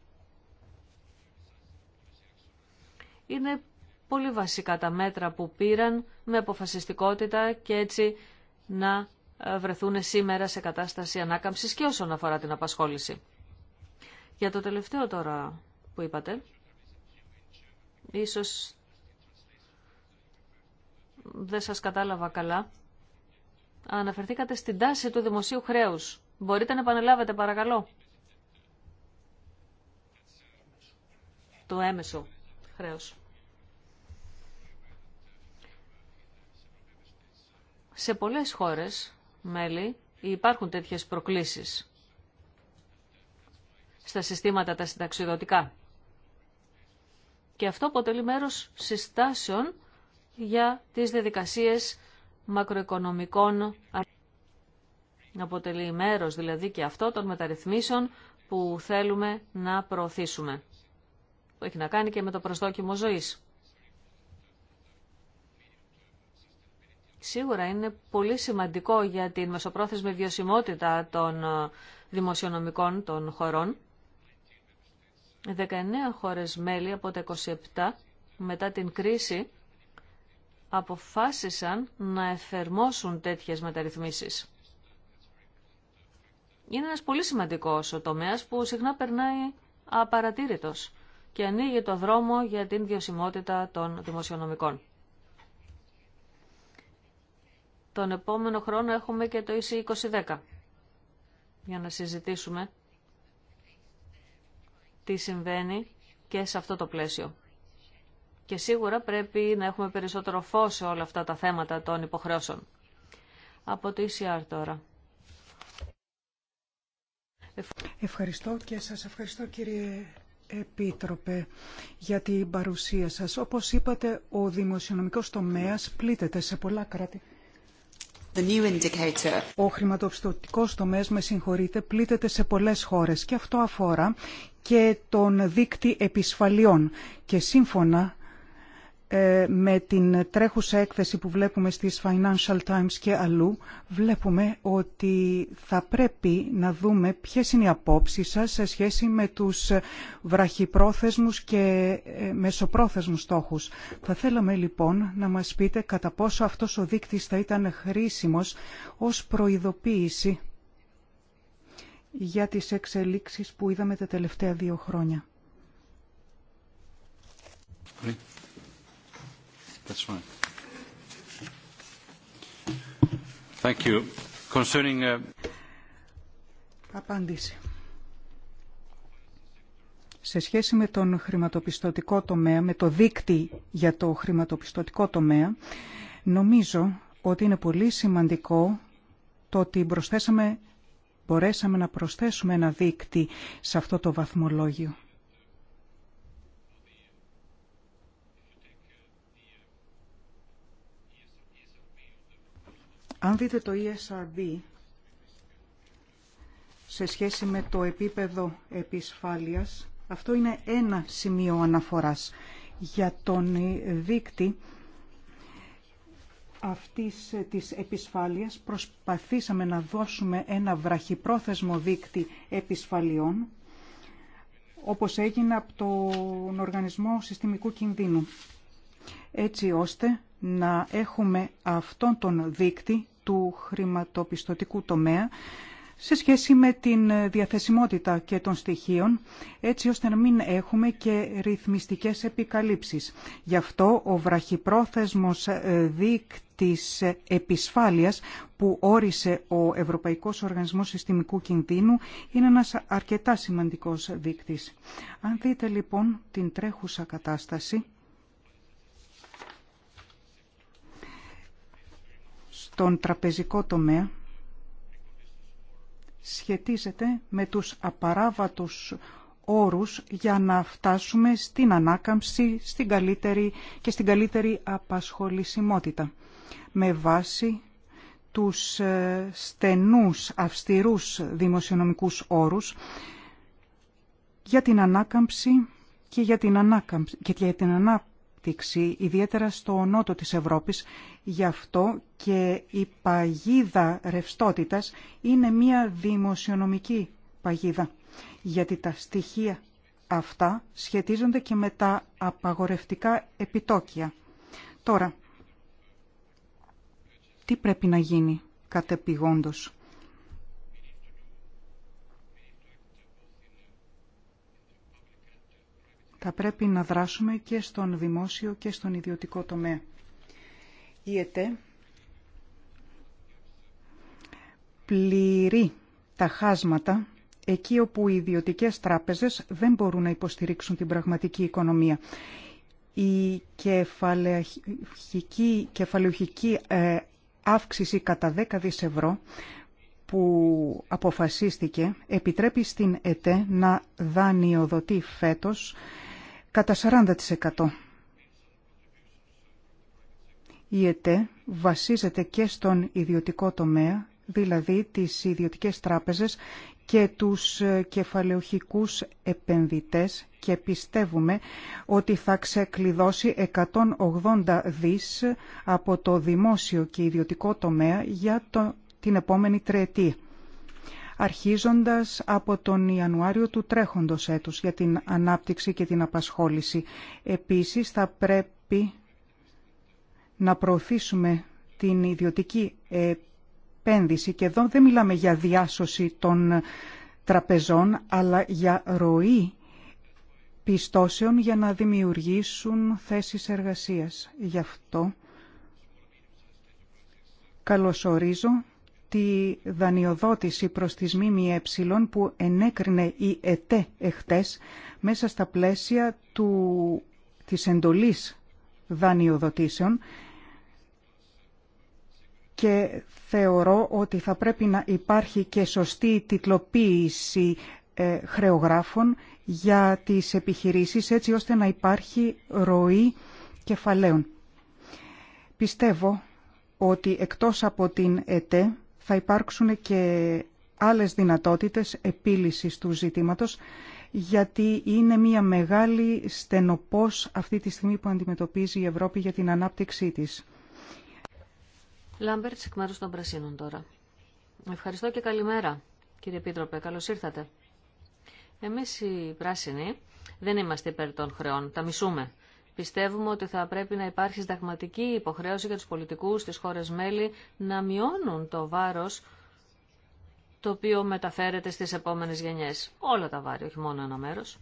Είναι πολύ βασικά τα μέτρα που πήραν με αποφασιστικότητα και έτσι να ε, βρεθούν σήμερα σε κατάσταση ανάκαμψης και όσον αφορά την απασχόληση. Για το τελευταίο τώρα που είπατε, Ίσως δεν σας κατάλαβα καλά. Αναφερθήκατε στην τάση του δημοσίου χρέους. Μπορείτε να επανελάβετε, παρακαλώ. Το έμεσο χρέος. Σε πολλές χώρες, μέλη, υπάρχουν τέτοιες προκλήσεις στα συστήματα τα συνταξιδοτικά. Και αυτό αποτελεί μέρος συστάσεων για τις διαδικασίες μακροοικονομικών αποτελεί μέρος δηλαδή και αυτό των μεταρρυθμίσεων που θέλουμε να προωθήσουμε. Που έχει να κάνει και με το προσδόκιμο ζωής. Σίγουρα είναι πολύ σημαντικό για την μεσοπρόθεσμη βιωσιμότητα των δημοσιονομικών των χωρών 19 χώρες μέλη από τα 27 μετά την κρίση αποφάσισαν να εφερμόσουν τέτοιες μεταρρυθμίσεις. Είναι ένας πολύ σημαντικός ο τομέας που συχνά περνάει απαρατήρητος και ανοίγει το δρόμο για την βιωσιμότητα των δημοσιονομικών. Τον επόμενο χρόνο έχουμε και το EC 2010 για να συζητήσουμε τι συμβαίνει και σε αυτό το πλαίσιο. Και σίγουρα πρέπει να έχουμε περισσότερο φως σε όλα αυτά τα θέματα των υποχρεώσεων. Από το ECR τώρα. Ευχαριστώ και σας ευχαριστώ κύριε Επίτροπε για την παρουσία σας. Όπως είπατε, ο δημοσιονομικός τομέας πλήττεται σε πολλά κράτη ο χρηματοπιστωτικό τομέα με συγχωρείτε, πλήττεται σε πολλέ χώρε και αυτό αφορά και τον δίκτυ επισφαλιών. Και σύμφωνα ε, με την τρέχουσα έκθεση που βλέπουμε στις Financial Times και αλλού, βλέπουμε ότι θα πρέπει να δούμε ποιες είναι οι απόψεις σας σε σχέση με τους βραχυπρόθεσμους και ε, μεσοπρόθεσμους στόχους. Θα θέλαμε λοιπόν να μας πείτε κατά πόσο αυτός ο δείκτης θα ήταν χρήσιμος ως προειδοποίηση για τις εξελίξεις που είδαμε τα τελευταία δύο χρόνια. Ναι. That's uh, Σε σχέση με τον χρηματοπιστωτικό τομέα, με το δίκτυ για το χρηματοπιστωτικό τομέα, νομίζω ότι είναι πολύ σημαντικό το ότι προσθέσαμε, μπορέσαμε να προσθέσουμε ένα δίκτυ σε αυτό το βαθμολόγιο. Αν δείτε το ESRB σε σχέση με το επίπεδο επισφάλειας, αυτό είναι ένα σημείο αναφοράς για τον δίκτυ αυτής της επισφάλειας προσπαθήσαμε να δώσουμε ένα βραχυπρόθεσμο δίκτυ επισφαλιών όπως έγινε από τον Οργανισμό Συστημικού Κινδύνου έτσι ώστε να έχουμε αυτόν τον δείκτη του χρηματοπιστωτικού τομέα σε σχέση με την διαθεσιμότητα και των στοιχείων, έτσι ώστε να μην έχουμε και ρυθμιστικές επικαλύψεις. Γι' αυτό ο βραχυπρόθεσμος ε, δείκτης ε, επισφάλειας που όρισε ο Ευρωπαϊκός Οργανισμός Συστημικού Κινδύνου είναι ένας αρκετά σημαντικός δείκτης. Αν δείτε λοιπόν την τρέχουσα κατάσταση, Τον τραπεζικό τομέα σχετίζεται με τους απαράβατους όρους για να φτάσουμε στην ανάκαμψη στην καλύτερη και στην καλύτερη απασχολησιμότητα με βάση τους ε, στενούς, αυστηρούς δημοσιονομικούς όρους για την ανάκαμψη και για την, ανάκαμψη, και για την ανάπτυξη, ιδιαίτερα στο νότο της Ευρώπης. Γι' αυτό και η παγίδα ρευστότητας είναι μια δημοσιονομική παγίδα, γιατί τα στοιχεία αυτά σχετίζονται και με τα απαγορευτικά επιτόκια. Τώρα, τι πρέπει να γίνει κατεπηγόντως. Θα πρέπει να δράσουμε και στον δημόσιο και στον ιδιωτικό τομέα. Η ΕΤΕ πληρεί τα χάσματα εκεί όπου οι ιδιωτικές τράπεζες δεν μπορούν να υποστηρίξουν την πραγματική οικονομία. Η κεφαλαιοχική ε, αύξηση κατά 10 δις ευρώ που αποφασίστηκε επιτρέπει στην ΕΤΕ να δανειοδοτεί φέτος κατά 40%. Η ΕΤΕ βασίζεται και στον ιδιωτικό τομέα, δηλαδή τις ιδιωτικές τράπεζες και τους ε, κεφαλαιοχικούς επενδυτές και πιστεύουμε ότι θα ξεκλειδώσει 180 δις από το δημόσιο και ιδιωτικό τομέα για το, την επόμενη τρετία αρχίζοντας από τον Ιανουάριο του τρέχοντος έτους για την ανάπτυξη και την απασχόληση. Επίσης θα πρέπει να προωθήσουμε την ιδιωτική επένδυση και εδώ δεν μιλάμε για διάσωση των τραπεζών αλλά για ροή πιστώσεων για να δημιουργήσουν θέσεις εργασίας. Γι' αυτό καλωσορίζω τη δανειοδότηση προς τις ΜΜΕ που ενέκρινε η ΕΤΕ εχθές μέσα στα πλαίσια του, της εντολής δανειοδοτήσεων και θεωρώ ότι θα πρέπει να υπάρχει και σωστή τιτλοποίηση ε, χρεογράφων για τις επιχειρήσεις έτσι ώστε να υπάρχει ροή κεφαλαίων. Πιστεύω ότι εκτός από την ΕΤΕ θα υπάρξουν και άλλες δυνατότητες επίλυσης του ζητήματος, γιατί είναι μια μεγάλη στενοπός αυτή τη στιγμή που αντιμετωπίζει η Ευρώπη για την ανάπτυξή της. Λάμπερτ, εκ μέρους των Πρασίνων τώρα. Ευχαριστώ και καλημέρα, κύριε Επίτροπε. Καλώς ήρθατε. Εμείς οι πράσινοι δεν είμαστε υπέρ των χρεών, τα μισούμε. Πιστεύουμε ότι θα πρέπει να υπάρχει συνταγματική υποχρέωση για τους πολιτικούς της χώρες μέλη να μειώνουν το βάρος το οποίο μεταφέρεται στις επόμενες γενιές. Όλα τα βάρη, όχι μόνο ένα μέρος.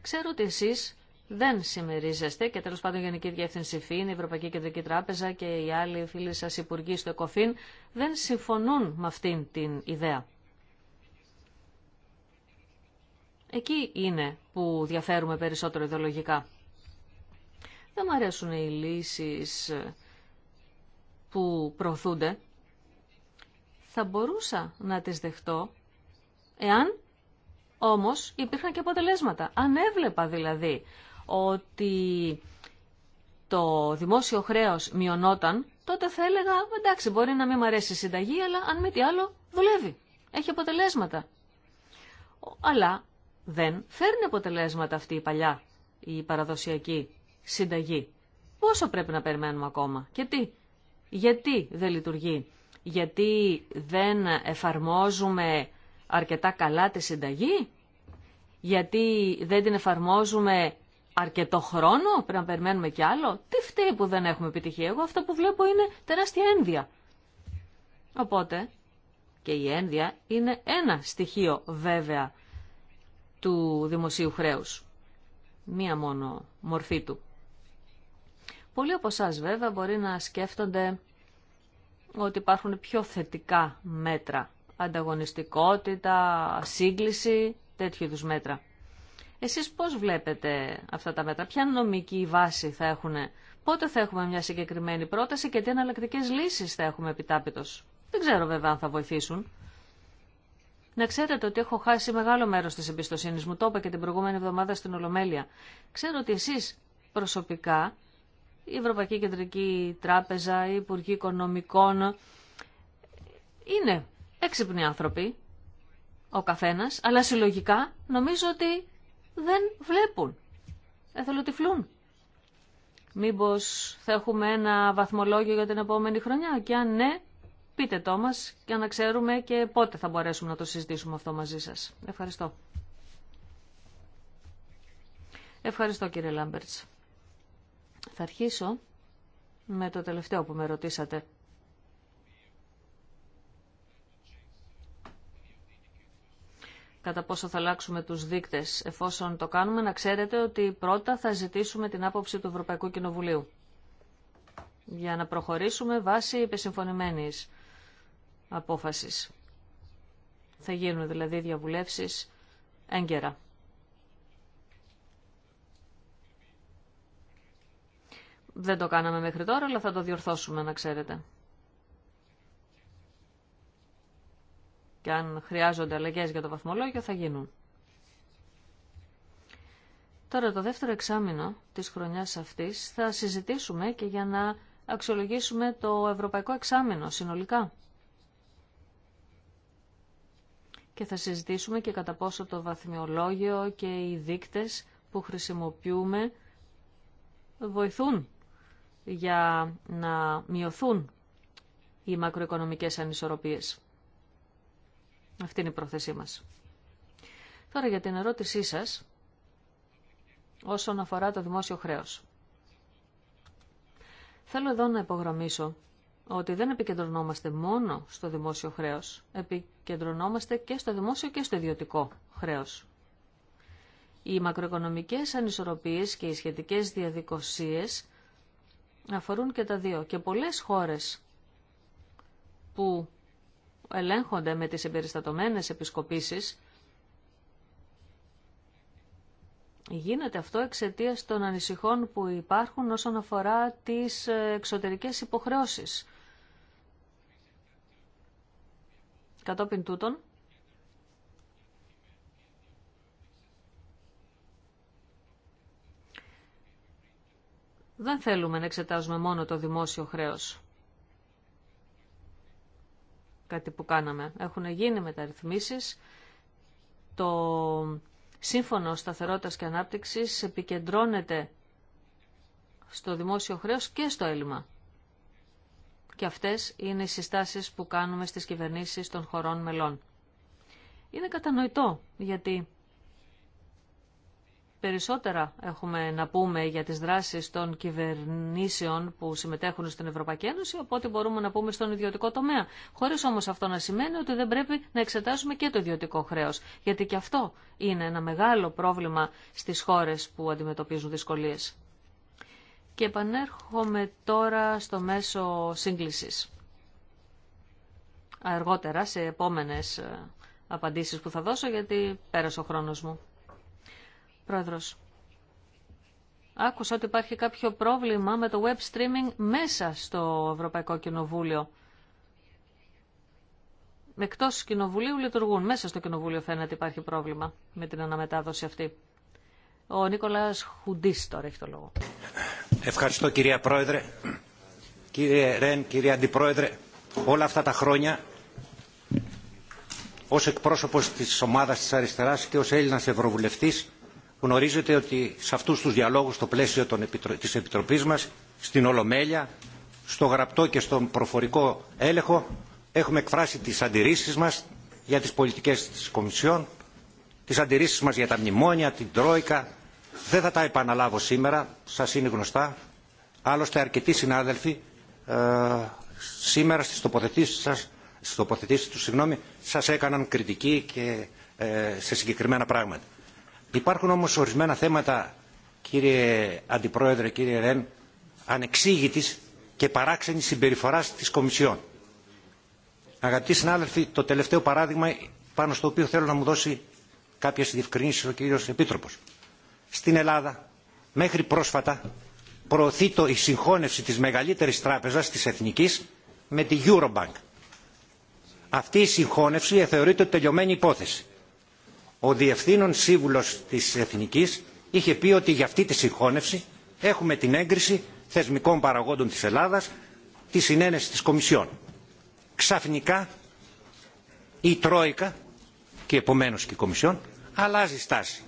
Ξέρω ότι εσείς δεν συμμερίζεστε και τέλος πάντων η Γενική Διεύθυνση ΦΥΝ, η Ευρωπαϊκή Κεντρική Τράπεζα και οι άλλοι φίλοι σας υπουργοί στο ΕΚΟΦΗΝ δεν συμφωνούν με αυτήν την ιδέα. Εκεί είναι που διαφέρουμε περισσότερο ιδεολογικά. Δεν μου αρέσουν οι λύσεις ε, που προωθούνται. Θα μπορούσα να τις δεχτώ, εάν όμως υπήρχαν και αποτελέσματα. Αν έβλεπα δηλαδή ότι το δημόσιο χρέος μειωνόταν, τότε θα έλεγα, εντάξει, μπορεί να μην μου αρέσει η συνταγή, αλλά αν μη τι άλλο, δουλεύει. Έχει αποτελέσματα. Αλλά δεν φέρνει αποτελέσματα αυτή η παλιά, η παραδοσιακή συνταγή. Πόσο πρέπει να περιμένουμε ακόμα και τι. Γιατί δεν λειτουργεί. Γιατί δεν εφαρμόζουμε αρκετά καλά τη συνταγή. Γιατί δεν την εφαρμόζουμε αρκετό χρόνο. Πρέπει να περιμένουμε κι άλλο. Τι φταίει που δεν έχουμε επιτυχία. Εγώ αυτό που βλέπω είναι τεράστια ένδια. Οπότε και η ένδια είναι ένα στοιχείο βέβαια του δημοσίου χρέους. Μία μόνο μορφή του. Πολλοί από εσά βέβαια μπορεί να σκέφτονται ότι υπάρχουν πιο θετικά μέτρα. Ανταγωνιστικότητα, σύγκληση, τέτοιου είδου μέτρα. Εσείς πώς βλέπετε αυτά τα μέτρα, ποια νομική βάση θα έχουν, πότε θα έχουμε μια συγκεκριμένη πρόταση και τι εναλλακτικέ λύσεις θα έχουμε επιτάπητος. Δεν ξέρω βέβαια αν θα βοηθήσουν. Να ξέρετε ότι έχω χάσει μεγάλο μέρος της εμπιστοσύνης μου, το είπα και την προηγούμενη εβδομάδα στην Ολομέλεια. Ξέρω ότι εσείς προσωπικά η Ευρωπαϊκή Κεντρική Τράπεζα, οι Υπουργοί Οικονομικών είναι έξυπνοι άνθρωποι ο καθένας, αλλά συλλογικά νομίζω ότι δεν βλέπουν, εθελοτυφλούν. Μήπως θα έχουμε ένα βαθμολόγιο για την επόμενη χρονιά και αν ναι, πείτε το μας και να ξέρουμε και πότε θα μπορέσουμε να το συζητήσουμε αυτό μαζί σας. Ευχαριστώ. Ευχαριστώ κύριε Λάμπερτς. Θα αρχίσω με το τελευταίο που με ρωτήσατε. κατά πόσο θα αλλάξουμε τους δείκτες. Εφόσον το κάνουμε, να ξέρετε ότι πρώτα θα ζητήσουμε την άποψη του Ευρωπαϊκού Κοινοβουλίου για να προχωρήσουμε βάσει υπεσυμφωνημένης απόφασης. Θα γίνουν δηλαδή διαβουλεύσεις έγκαιρα. Δεν το κάναμε μέχρι τώρα, αλλά θα το διορθώσουμε, να ξέρετε. Και αν χρειάζονται αλλαγέ για το βαθμολόγιο, θα γίνουν. Τώρα, το δεύτερο εξάμεινο της χρονιάς αυτής θα συζητήσουμε και για να αξιολογήσουμε το ευρωπαϊκό εξάμεινο συνολικά. Και θα συζητήσουμε και κατά πόσο το βαθμιολόγιο και οι δείκτες που χρησιμοποιούμε βοηθούν για να μειωθούν οι μακροοικονομικές ανισορροπίες. Αυτή είναι η πρόθεσή μας. Τώρα για την ερώτησή σας όσον αφορά το δημόσιο χρέος. Θέλω εδώ να υπογραμμίσω ότι δεν επικεντρωνόμαστε μόνο στο δημόσιο χρέος, επικεντρωνόμαστε και στο δημόσιο και στο ιδιωτικό χρέος. Οι μακροοικονομικές ανισορροπίες και οι σχετικές διαδικασίες αφορούν και τα δύο. Και πολλές χώρες που ελέγχονται με τις εμπεριστατωμένες επισκοπήσεις, Γίνεται αυτό εξαιτία των ανησυχών που υπάρχουν όσον αφορά τις εξωτερικές υποχρεώσεις. Κατόπιν τούτων, Δεν θέλουμε να εξετάζουμε μόνο το δημόσιο χρέος. Κάτι που κάναμε. Έχουν γίνει μεταρρυθμίσεις. Το Σύμφωνο Σταθερότητας και Ανάπτυξης επικεντρώνεται στο δημόσιο χρέος και στο έλλειμμα. Και αυτές είναι οι συστάσεις που κάνουμε στις κυβερνήσεις των χωρών μελών. Είναι κατανοητό γιατί Περισσότερα έχουμε να πούμε για τις δράσεις των κυβερνήσεων που συμμετέχουν στην Ευρωπαϊκή Ένωση από ό,τι μπορούμε να πούμε στον ιδιωτικό τομέα. Χωρίς όμως αυτό να σημαίνει ότι δεν πρέπει να εξετάσουμε και το ιδιωτικό χρέος, γιατί και αυτό είναι ένα μεγάλο πρόβλημα στις χώρες που αντιμετωπίζουν δυσκολίες. Και επανέρχομαι τώρα στο μέσο σύγκλησης. Αργότερα σε επόμενες ε, απαντήσεις που θα δώσω γιατί πέρασε ο χρόνος μου. Πρόεδρος. Άκουσα ότι υπάρχει κάποιο πρόβλημα με το web streaming μέσα στο Ευρωπαϊκό Κοινοβούλιο. Εκτός Κοινοβουλίου λειτουργούν. Μέσα στο Κοινοβούλιο φαίνεται υπάρχει πρόβλημα με την αναμετάδοση αυτή. Ο Νίκολας Χουντής τώρα έχει το λόγο. Ευχαριστώ κυρία Πρόεδρε. Κύριε Ρεν, κύριε Αντιπρόεδρε, όλα αυτά τα χρόνια ως εκπρόσωπος της ομάδας της Αριστεράς και ως Έλληνας Ευρωβουλευτής γνωρίζετε ότι σε αυτούς τους διαλόγους στο πλαίσιο των, της Επιτροπής μας, στην Ολομέλεια, στο γραπτό και στον προφορικό έλεγχο, έχουμε εκφράσει τις αντιρρήσεις μας για τις πολιτικές της Κομισιόν, τις αντιρρήσεις μας για τα μνημόνια, την Τρόικα. Δεν θα τα επαναλάβω σήμερα, σας είναι γνωστά. Άλλωστε αρκετοί συνάδελφοι ε, σήμερα στις τοποθετήσεις, σας, συγγνώμη, σας έκαναν κριτική και, ε, σε συγκεκριμένα πράγματα. Υπάρχουν όμως ορισμένα θέματα, κύριε Αντιπρόεδρε, κύριε Ρεν, ανεξήγητης και παράξενης συμπεριφοράς της Κομισιόν. Αγαπητοί συνάδελφοι, το τελευταίο παράδειγμα πάνω στο οποίο θέλω να μου δώσει κάποιες διευκρινήσεις ο κύριος Επίτροπος. Στην Ελλάδα, μέχρι πρόσφατα, προωθεί το η συγχώνευση της μεγαλύτερης τράπεζας της Εθνικής με τη Eurobank. Αυτή η συγχώνευση θεωρείται τελειωμένη υπόθεση ο διευθύνων σύμβουλος της Εθνικής είχε πει ότι για αυτή τη συγχώνευση έχουμε την έγκριση θεσμικών παραγόντων της Ελλάδας, τη συνένεση της Κομισιόν. Ξαφνικά η Τρόικα και επομένως και η Κομισιόν αλλάζει στάση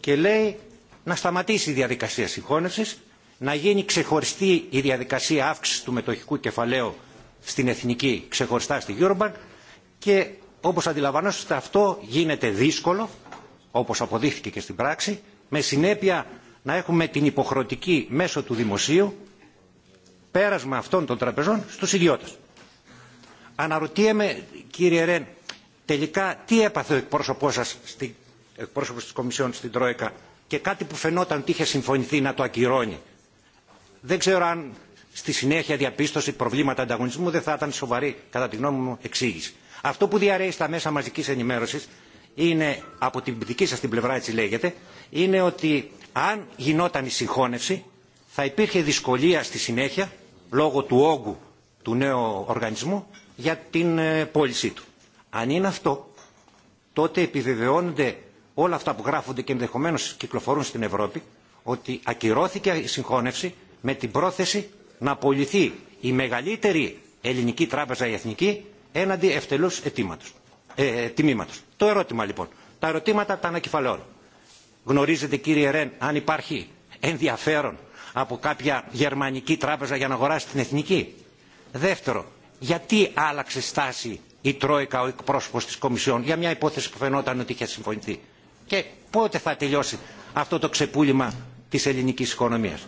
και λέει να σταματήσει η διαδικασία συγχώνευσης, να γίνει ξεχωριστή η διαδικασία αύξησης του μετοχικού κεφαλαίου στην εθνική ξεχωριστά στη Eurobank και όπως αντιλαμβανόσαστε αυτό γίνεται δύσκολο, όπως αποδείχθηκε και στην πράξη, με συνέπεια να έχουμε την υποχρεωτική μέσω του δημοσίου πέρασμα αυτών των τραπεζών στους ιδιώτες. Αναρωτιέμαι, κύριε Ρεν, τελικά τι έπαθε ο εκπρόσωπός σας, ο εκπρόσωπος της Κομισιόν στην Τρόικα και κάτι που φαινόταν ότι είχε συμφωνηθεί να το ακυρώνει. Δεν ξέρω αν στη συνέχεια διαπίστωση προβλήματα ανταγωνισμού δεν θα ήταν σοβαρή, κατά τη γνώμη μου, εξήγηση. Αυτό που διαρρέει στα μέσα μαζική ενημέρωση είναι, από την δική σας την πλευρά έτσι λέγεται, είναι ότι αν γινόταν η συγχώνευση θα υπήρχε δυσκολία στη συνέχεια λόγω του όγκου του νέου οργανισμού για την ε, πώλησή του. Αν είναι αυτό, τότε επιβεβαιώνονται όλα αυτά που γράφονται και ενδεχομένω κυκλοφορούν στην Ευρώπη ότι ακυρώθηκε η συγχώνευση με την πρόθεση να απολυθεί η μεγαλύτερη ελληνική τράπεζα η εθνική έναντι ευτελού ε, ε Το ερώτημα λοιπόν. Τα ερωτήματα τα ανακεφαλαιώνω. Γνωρίζετε κύριε Ρεν αν υπάρχει ενδιαφέρον από κάποια γερμανική τράπεζα για να αγοράσει την εθνική. Δεύτερο, γιατί άλλαξε στάση η Τρόικα, ο εκπρόσωπο τη Κομισιόν, για μια υπόθεση που φαινόταν ότι είχε συμφωνηθεί. Και πότε θα τελειώσει αυτό το ξεπούλημα τη ελληνική οικονομία.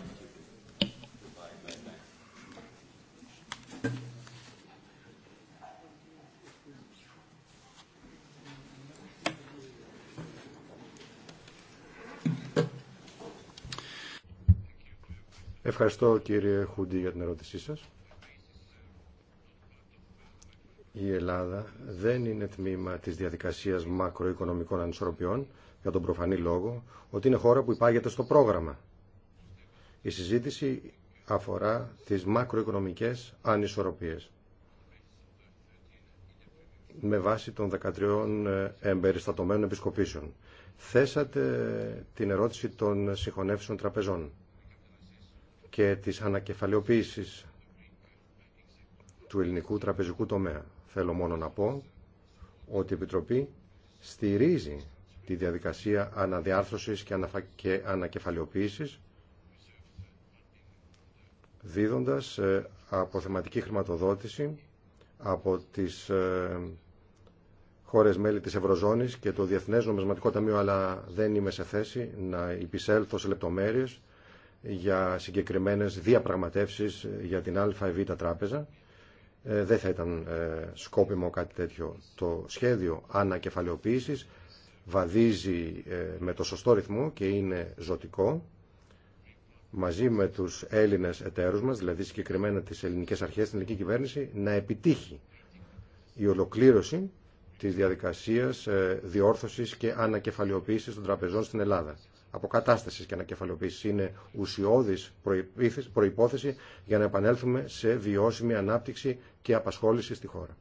Ευχαριστώ κύριε Χούντι για την ερώτησή σας. Η Ελλάδα δεν είναι τμήμα της διαδικασίας μακροοικονομικών ανισορροπιών για τον προφανή λόγο ότι είναι χώρα που υπάγεται στο πρόγραμμα. Η συζήτηση αφορά τις μακροοικονομικές ανισορροπίες με βάση των 13 εμπεριστατωμένων επισκοπήσεων. Θέσατε την ερώτηση των συγχωνεύσεων τραπεζών και της ανακεφαλαιοποίησης του ελληνικού τραπεζικού τομέα. Θέλω μόνο να πω ότι η Επιτροπή στηρίζει τη διαδικασία αναδιάρθρωσης και ανακεφαλαιοποίησης δίδοντας ε, αποθεματική χρηματοδότηση από τις ε, χώρες μέλη της Ευρωζώνης και το Διεθνές Νομισματικό Ταμείο, αλλά δεν είμαι σε θέση να υπησέλθω σε λεπτομέρειες για συγκεκριμένες διαπραγματεύσεις για την ΑΕΒ τράπεζα. Ε, δεν θα ήταν ε, σκόπιμο κάτι τέτοιο. Το σχέδιο ανακεφαλαιοποίησης βαδίζει ε, με το σωστό ρυθμό και είναι ζωτικό μαζί με τους Έλληνες εταίρους μας, δηλαδή συγκεκριμένα τις ελληνικές αρχές, την ελληνική κυβέρνηση, να επιτύχει η ολοκλήρωση της διαδικασίας διόρθωσης και ανακεφαλαιοποίησης των τραπεζών στην Ελλάδα αποκατάστασης και ανακεφαλαιοποίησης. Είναι ουσιώδης προϋπόθεση για να επανέλθουμε σε βιώσιμη ανάπτυξη και απασχόληση στη χώρα.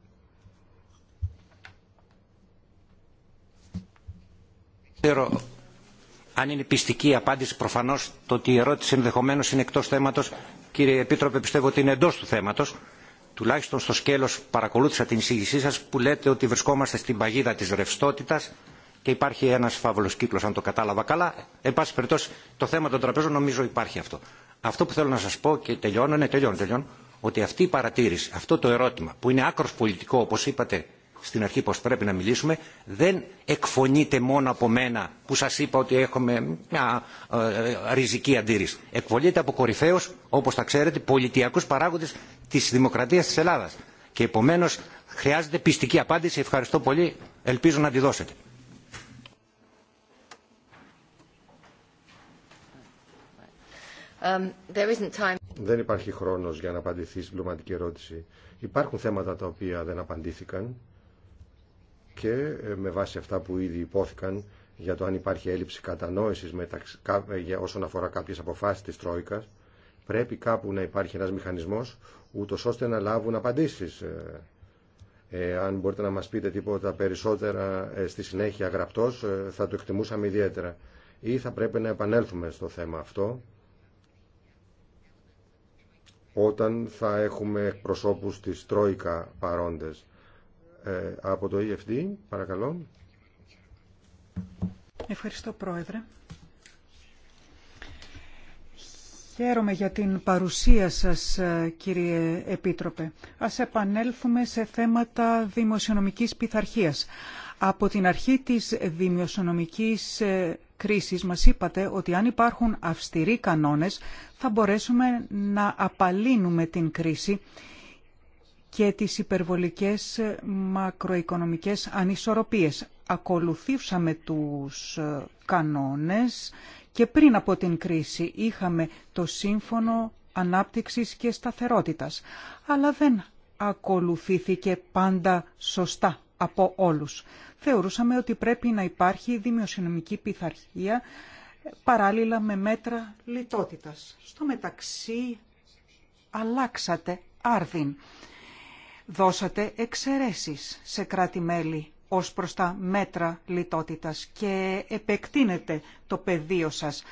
αν είναι πιστική η απάντηση προφανώ το ότι η ερώτηση ενδεχομένω είναι εκτό θέματος. Κύριε Επίτροπε πιστεύω ότι είναι εντό του θέματος τουλάχιστον στο σκέλος παρακολούθησα την εισήγησή σα, που λέτε ότι βρισκόμαστε στην παγίδα τη ρευστότητα και υπάρχει ένα φαύλο κύκλο, αν το κατάλαβα καλά. Εν πάση περιπτώσει, το θέμα των τραπεζών νομίζω υπάρχει αυτό. Αυτό που θέλω να σα πω και τελειώνω, ναι, τελειώνω, τελειώνω, ότι αυτή η παρατήρηση, αυτό το ερώτημα, που είναι άκρο πολιτικό, όπω είπατε στην αρχή πω πρέπει να μιλήσουμε, δεν εκφωνείται μόνο από μένα που σα είπα ότι έχουμε μια ε, ριζική αντίρρηση. Εκφωνείται από κορυφαίου, όπω τα ξέρετε, πολιτιακού παράγοντε τη δημοκρατία τη Ελλάδα. Και επομένω χρειάζεται πιστική απάντηση. Ευχαριστώ πολύ. Ελπίζω να τη δώσετε. Um, δεν υπάρχει χρόνος για να απαντηθεί στην πλωματική ερώτηση. Υπάρχουν θέματα τα οποία δεν απαντήθηκαν και ε, με βάση αυτά που ήδη υπόθηκαν για το αν υπάρχει έλλειψη κατανόησης ε, όσον αφορά κάποιες αποφάσεις της Τρόικας, πρέπει κάπου να υπάρχει ένας μηχανισμός ούτως ώστε να λάβουν απαντήσεις. Ε, αν μπορείτε να μας πείτε τίποτα περισσότερα στη συνέχεια γραπτός, θα το εκτιμούσαμε ιδιαίτερα. Ή θα πρέπει να επανέλθουμε στο θέμα αυτό όταν θα έχουμε προσώπους της Τρόικα παρόντες. Ε, από το EFD, παρακαλώ. Ευχαριστώ, Πρόεδρε. Χαίρομαι για την παρουσία σας, ε, κύριε Επίτροπε. Ας επανέλθουμε σε θέματα δημοσιονομικής πειθαρχίας. Από την αρχή της δημοσιονομικής ε, κρίσης μας είπατε ότι αν υπάρχουν αυστηροί κανόνες θα μπορέσουμε να απαλύνουμε την κρίση και τις υπερβολικές ε, μακροοικονομικές ανισορροπίες. Ακολουθήσαμε τους ε, κανόνες και πριν από την κρίση είχαμε το Σύμφωνο Ανάπτυξης και Σταθερότητας, αλλά δεν ακολουθήθηκε πάντα σωστά από όλους. Θεωρούσαμε ότι πρέπει να υπάρχει δημοσιονομική πειθαρχία παράλληλα με μέτρα λιτότητας. Στο μεταξύ αλλάξατε άρδιν. Δώσατε εξαιρέσεις σε κράτη-μέλη ως προς τα μέτρα λιτότητας και επεκτείνετε το πεδίο σας.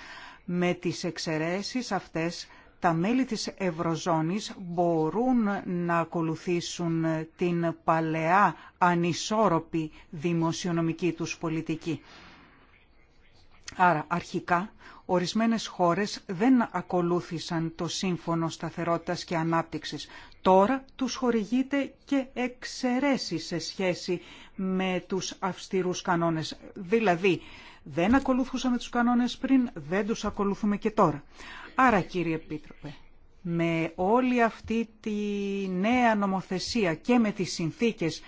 Με τις εξαιρέσεις αυτές τα μέλη της Ευρωζώνης μπορούν να ακολουθήσουν την παλαιά ανισόρροπη δημοσιονομική τους πολιτική. Άρα, αρχικά, ορισμένες χώρες δεν ακολούθησαν το Σύμφωνο Σταθερότητας και Ανάπτυξης. Τώρα τους χορηγείται και εξαιρέσει σε σχέση με τους αυστηρούς κανόνες. Δηλαδή, δεν ακολουθούσαμε τους κανόνες πριν, δεν τους ακολουθούμε και τώρα. Άρα κύριε Επίτροπε, με όλη αυτή τη νέα νομοθεσία και με τις συνθήκες,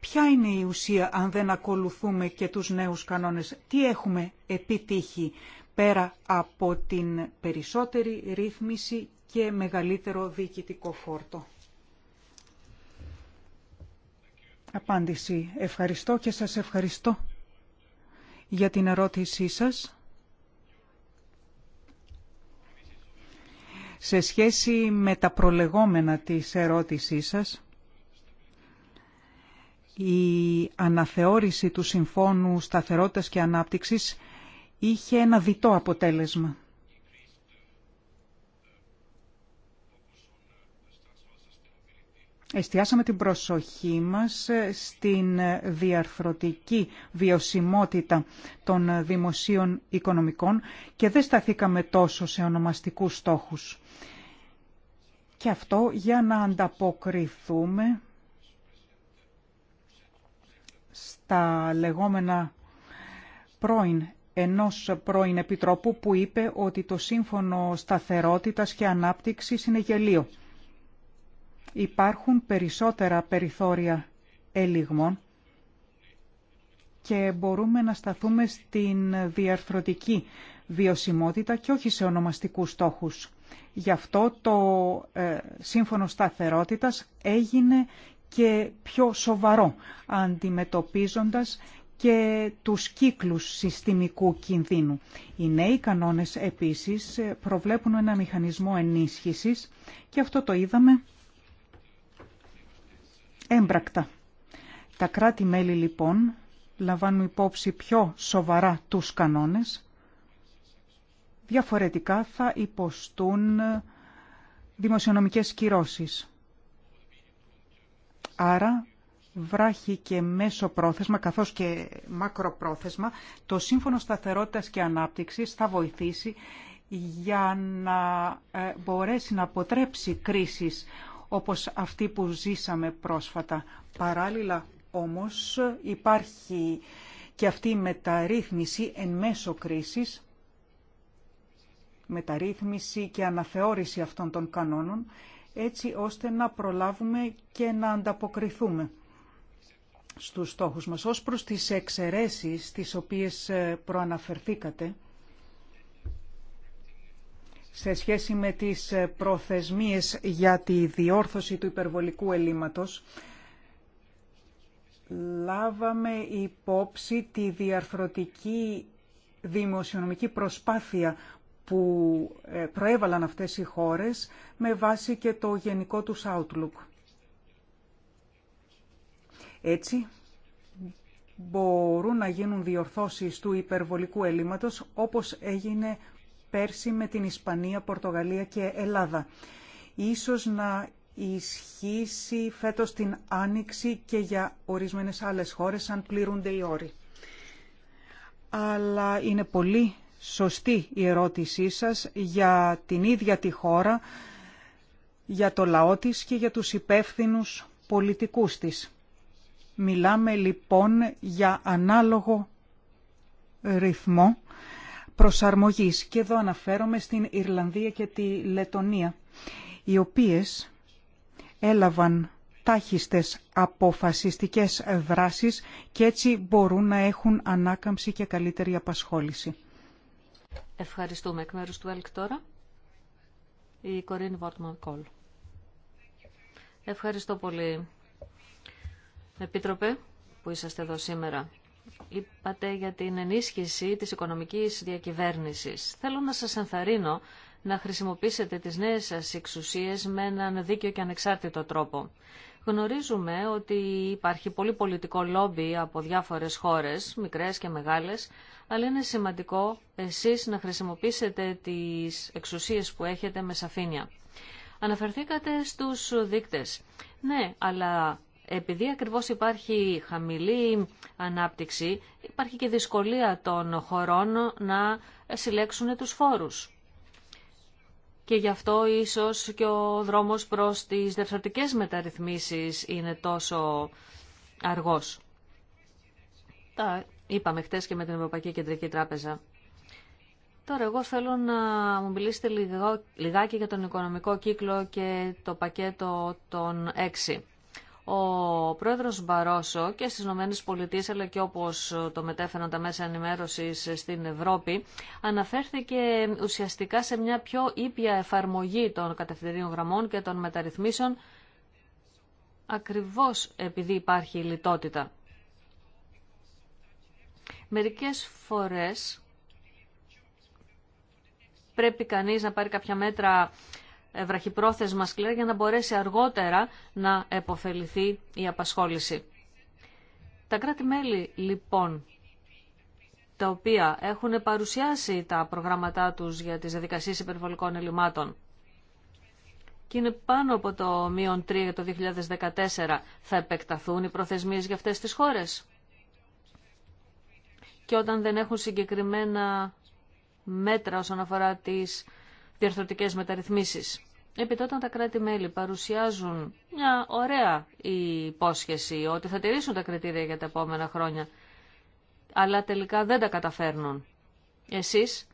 ποια είναι η ουσία αν δεν ακολουθούμε και τους νέους κανόνες. Τι έχουμε επιτύχει πέρα από την περισσότερη ρύθμιση και μεγαλύτερο διοικητικό φόρτο. Απάντηση. Ευχαριστώ και σας ευχαριστώ για την ερώτησή σας. Σε σχέση με τα προλεγόμενα της ερώτησής σας, η αναθεώρηση του Συμφώνου Σταθερότητας και Ανάπτυξης είχε ένα διτό αποτέλεσμα. Εστιάσαμε την προσοχή μας ε, στην διαρθρωτική βιωσιμότητα των δημοσίων οικονομικών και δεν σταθήκαμε τόσο σε ονομαστικούς στόχους. Και αυτό για να ανταποκριθούμε στα λεγόμενα πρώην ενός πρώην επιτρόπου που είπε ότι το σύμφωνο σταθερότητας και ανάπτυξης είναι γελίο υπάρχουν περισσότερα περιθώρια ελιγμών και μπορούμε να σταθούμε στην διαρθρωτική βιωσιμότητα και όχι σε ονομαστικούς στόχους. Γι' αυτό το ε, σύμφωνο σταθερότητας έγινε και πιο σοβαρό, αντιμετωπίζοντας και τους κύκλους συστημικού κινδύνου. Οι νέοι κανόνες επίσης προβλέπουν ένα μηχανισμό ενίσχυσης και αυτό το είδαμε έμπρακτα. Τα κράτη-μέλη λοιπόν λαμβάνουν υπόψη πιο σοβαρά τους κανόνες, διαφορετικά θα υποστούν δημοσιονομικές κυρώσεις. Άρα, βράχει και μέσο πρόθεσμα, καθώς και μακροπρόθεσμα, το Σύμφωνο Σταθερότητας και Ανάπτυξης θα βοηθήσει για να ε, μπορέσει να αποτρέψει κρίσεις όπως αυτή που ζήσαμε πρόσφατα. Παράλληλα όμως υπάρχει και αυτή η μεταρρύθμιση εν μέσω κρίσης, μεταρρύθμιση και αναθεώρηση αυτών των κανόνων, έτσι ώστε να προλάβουμε και να ανταποκριθούμε στους στόχους μας. Ως προς τις εξαιρέσεις τις οποίες ε, προαναφερθήκατε, σε σχέση με τις ε, προθεσμίες για τη διόρθωση του υπερβολικού ελλείμματος, λάβαμε υπόψη τη διαρθρωτική δημοσιονομική προσπάθεια που ε, προέβαλαν αυτές οι χώρες με βάση και το γενικό τους outlook. Έτσι, μπορούν να γίνουν διορθώσεις του υπερβολικού ελλείμματος όπως έγινε πέρσι με την Ισπανία, Πορτογαλία και Ελλάδα. Ίσως να ισχύσει φέτος την Άνοιξη και για ορισμένες άλλες χώρες αν πληρούνται οι όροι. Αλλά είναι πολύ σωστή η ερώτησή σας για την ίδια τη χώρα, για το λαό της και για τους υπεύθυνους πολιτικούς της. Μιλάμε λοιπόν για ανάλογο ρυθμό προσαρμογής. Και εδώ αναφέρομαι στην Ιρλανδία και τη Λετωνία, οι οποίες έλαβαν τάχιστες αποφασιστικές δράσεις και έτσι μπορούν να έχουν ανάκαμψη και καλύτερη απασχόληση. Ευχαριστούμε. Εκ μέρους του ΕΛΚ τώρα, η Κορίν Βόρτμαν Κόλ. Ευχαριστώ πολύ, Επίτροπε, που είσαστε εδώ σήμερα είπατε για την ενίσχυση της οικονομικής διακυβέρνησης. Θέλω να σας ενθαρρύνω να χρησιμοποιήσετε τις νέες σας εξουσίες με έναν δίκαιο και ανεξάρτητο τρόπο. Γνωρίζουμε ότι υπάρχει πολύ πολιτικό λόμπι από διάφορες χώρες, μικρές και μεγάλες, αλλά είναι σημαντικό εσείς να χρησιμοποιήσετε τις εξουσίες που έχετε με σαφήνεια. Αναφερθήκατε στους δείκτες. Ναι, αλλά επειδή ακριβώς υπάρχει χαμηλή ανάπτυξη, υπάρχει και δυσκολία των χωρών να συλλέξουν τους φόρους. Και γι' αυτό ίσως και ο δρόμος προς τις δευτερωτικές μεταρρυθμίσεις είναι τόσο αργός. Τα είπαμε χτες και με την Ευρωπαϊκή Κεντρική Τράπεζα. Τώρα εγώ θέλω να μου μιλήσετε λιγάκι για τον οικονομικό κύκλο και το πακέτο των 6 ο πρόεδρος Μπαρόσο και στις ΗΠΑ Πολιτείες αλλά και όπως το μετέφεραν τα μέσα ενημέρωσης στην Ευρώπη αναφέρθηκε ουσιαστικά σε μια πιο ήπια εφαρμογή των κατευθυντηρίων γραμμών και των μεταρρυθμίσεων ακριβώς επειδή υπάρχει λιτότητα. Μερικές φορές πρέπει κανείς να πάρει κάποια μέτρα βραχυπρόθεσμα σκληρά για να μπορέσει αργότερα να εποφεληθεί η απασχόληση. Τα κράτη-μέλη λοιπόν τα οποία έχουν παρουσιάσει τα προγράμματά τους για τις διαδικασίες υπερβολικών ελλημάτων και είναι πάνω από το μείον 3 για το 2014, θα επεκταθούν οι προθεσμίες για αυτές τις χώρες. Και όταν δεν έχουν συγκεκριμένα μέτρα όσον αφορά τις διαρθρωτικές μεταρρυθμίσεις. Επειδή όταν τα κράτη-μέλη παρουσιάζουν μια ωραία υπόσχεση ότι θα τηρήσουν τα κριτήρια για τα επόμενα χρόνια, αλλά τελικά δεν τα καταφέρνουν. Εσείς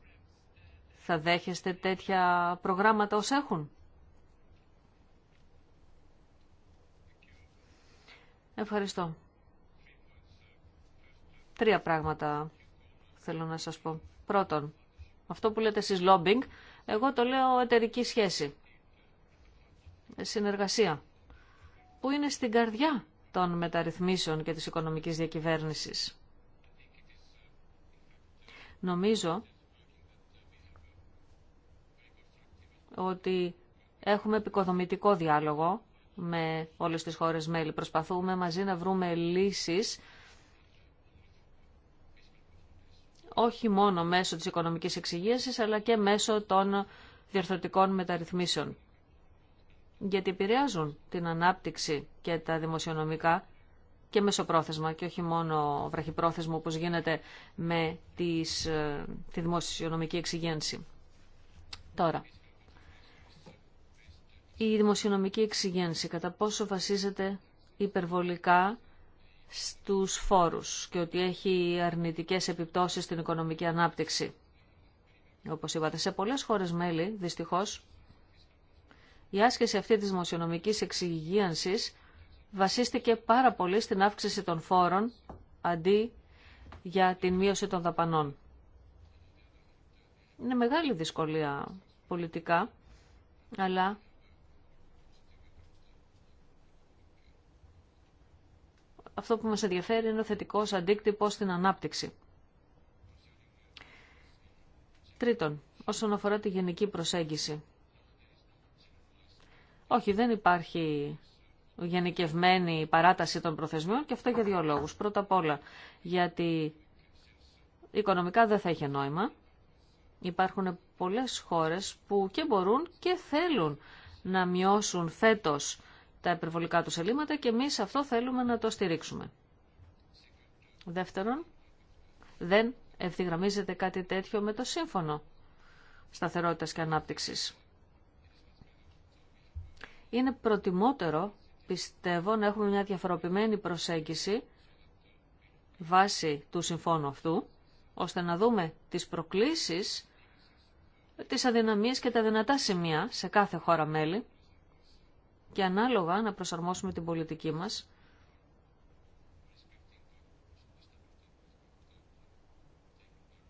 θα δέχεστε τέτοια προγράμματα ως έχουν. Ευχαριστώ. Τρία πράγματα θέλω να σας πω. Πρώτον, αυτό που λέτε εσείς lobbying εγώ το λέω εταιρική σχέση, συνεργασία, που είναι στην καρδιά των μεταρρυθμίσεων και της οικονομικής διακυβέρνησης. Νομίζω ότι έχουμε επικοδομητικό διάλογο με όλες τις χώρες μέλη. Προσπαθούμε μαζί να βρούμε λύσεις όχι μόνο μέσω της οικονομικής εξυγίασης, αλλά και μέσω των διορθωτικών μεταρρυθμίσεων. Γιατί επηρεάζουν την ανάπτυξη και τα δημοσιονομικά και πρόθεσμα και όχι μόνο βραχυπρόθεσμα όπως γίνεται με τις, ε, τη δημοσιονομική εξυγένση. Τώρα, η δημοσιονομική εξυγένση κατά πόσο βασίζεται υπερβολικά στους φόρους και ότι έχει αρνητικές επιπτώσεις στην οικονομική ανάπτυξη. Όπως είπατε, σε πολλές χώρες μέλη, δυστυχώς, η άσκηση αυτή της δημοσιονομικής εξυγίανσης βασίστηκε πάρα πολύ στην αύξηση των φόρων αντί για την μείωση των δαπανών. Είναι μεγάλη δυσκολία πολιτικά, αλλά αυτό που μας ενδιαφέρει είναι ο θετικός αντίκτυπος στην ανάπτυξη. Τρίτον, όσον αφορά τη γενική προσέγγιση. Όχι, δεν υπάρχει γενικευμένη παράταση των προθεσμιών και αυτό για δύο λόγους. Πρώτα απ' όλα, γιατί οικονομικά δεν θα έχει νόημα. Υπάρχουν πολλές χώρες που και μπορούν και θέλουν να μειώσουν φέτος τα υπερβολικά του ελλείμματα και εμείς αυτό θέλουμε να το στηρίξουμε. Δεύτερον, δεν ευθυγραμμίζεται κάτι τέτοιο με το σύμφωνο σταθερότητας και ανάπτυξης. Είναι προτιμότερο, πιστεύω, να έχουμε μια διαφοροποιημένη προσέγγιση βάσει του συμφώνου αυτού, ώστε να δούμε τις προκλήσεις, τις αδυναμίες και τα δυνατά σημεία σε κάθε χώρα μέλη και ανάλογα να προσαρμόσουμε την πολιτική μας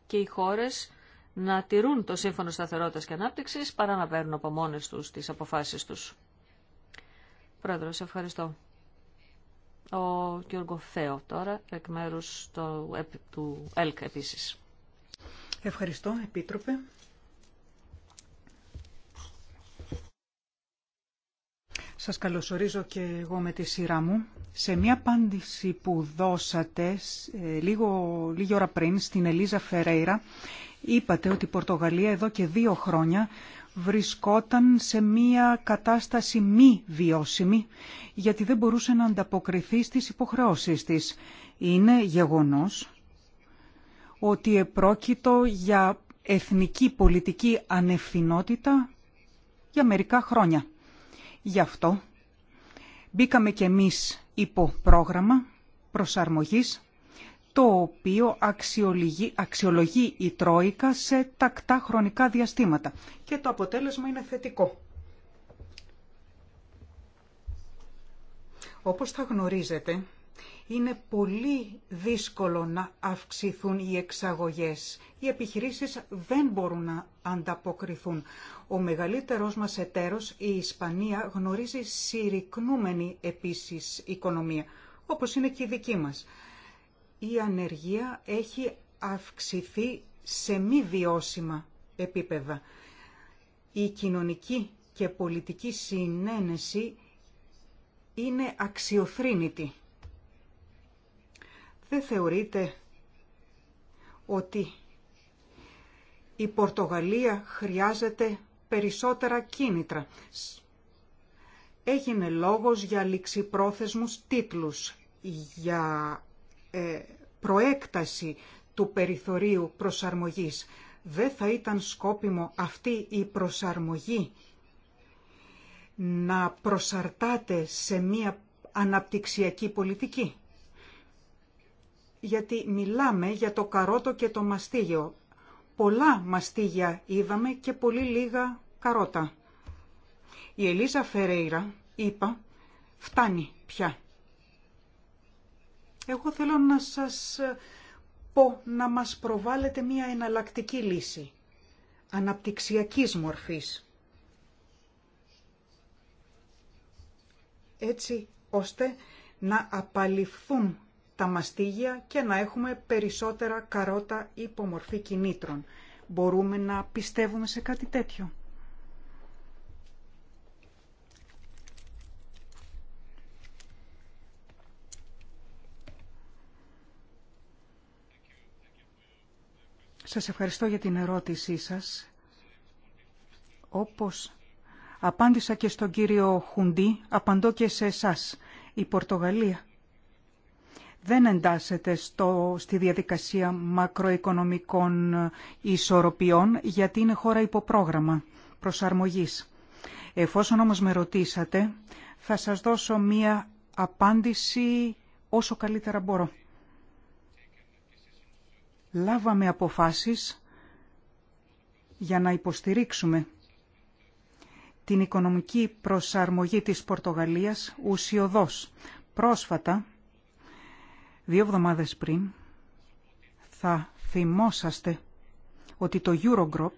και οι χώρες να τηρούν το Σύμφωνο Σταθερότητας και Ανάπτυξης παρά να παίρνουν από μόνες τους τις αποφάσεις τους. σε ευχαριστώ. Ο Γιώργο Θέο τώρα, εκ μέρους του, ε, του ΕΛΚ επίσης. Ευχαριστώ, Επίτροπε. Σας καλωσορίζω και εγώ με τη σειρά μου. Σε μια απάντηση που δώσατε ε, λίγο, λίγη ώρα πριν στην Ελίζα Φερέιρα, είπατε ότι η Πορτογαλία εδώ και δύο χρόνια βρισκόταν σε μια κατάσταση μη βιώσιμη, γιατί δεν μπορούσε να ανταποκριθεί στις υποχρεώσεις της. Είναι γεγονός ότι επρόκειτο για εθνική πολιτική ανευθυνότητα για μερικά χρόνια. Γι' αυτό μπήκαμε κι εμείς υπό πρόγραμμα προσαρμογής το οποίο αξιολογεί, η Τρόικα σε τακτά χρονικά διαστήματα και το αποτέλεσμα είναι θετικό. Όπως θα γνωρίζετε, είναι πολύ δύσκολο να αυξηθούν οι εξαγωγές. Οι επιχειρήσεις δεν μπορούν να ανταποκριθούν. Ο μεγαλύτερος μας εταίρος, η Ισπανία, γνωρίζει συρρυκνούμενη επίσης οικονομία, όπως είναι και η δική μας. Η ανεργία έχει αυξηθεί σε μη βιώσιμα επίπεδα. Η κοινωνική και πολιτική συνένεση είναι αξιοθρύνητη δεν θεωρείτε ότι η Πορτογαλία χρειάζεται περισσότερα κίνητρα. Έγινε λόγος για ληξιπρόθεσμους τίτλους, για ε, προέκταση του περιθωρίου προσαρμογής. Δεν θα ήταν σκόπιμο αυτή η προσαρμογή να προσαρτάται σε μία αναπτυξιακή πολιτική γιατί μιλάμε για το καρότο και το μαστίγιο. Πολλά μαστίγια είδαμε και πολύ λίγα καρότα. Η Ελίζα Φερέιρα είπα «Φτάνει πια». Εγώ θέλω να σας πω να μας προβάλλετε μία εναλλακτική λύση, αναπτυξιακής μορφής. Έτσι ώστε να απαλληφθούν τα μαστίγια και να έχουμε περισσότερα καρότα υπομορφή κινήτρων. Μπορούμε να πιστεύουμε σε κάτι τέτοιο. Σας ευχαριστώ για την ερώτησή σας. Όπως απάντησα και στον κύριο Χουντή, απαντώ και σε εσάς. Η Πορτογαλία δεν εντάσσεται στο, στη διαδικασία μακροοικονομικών ισορροπιών γιατί είναι χώρα υποπρόγραμμα προσαρμογής. Εφόσον όμως με ρωτήσατε, θα σας δώσω μία απάντηση όσο καλύτερα μπορώ. Λάβαμε αποφάσεις για να υποστηρίξουμε την οικονομική προσαρμογή της Πορτογαλίας ουσιοδός. Πρόσφατα Δύο εβδομάδες πριν θα θυμόσαστε ότι το Eurogroup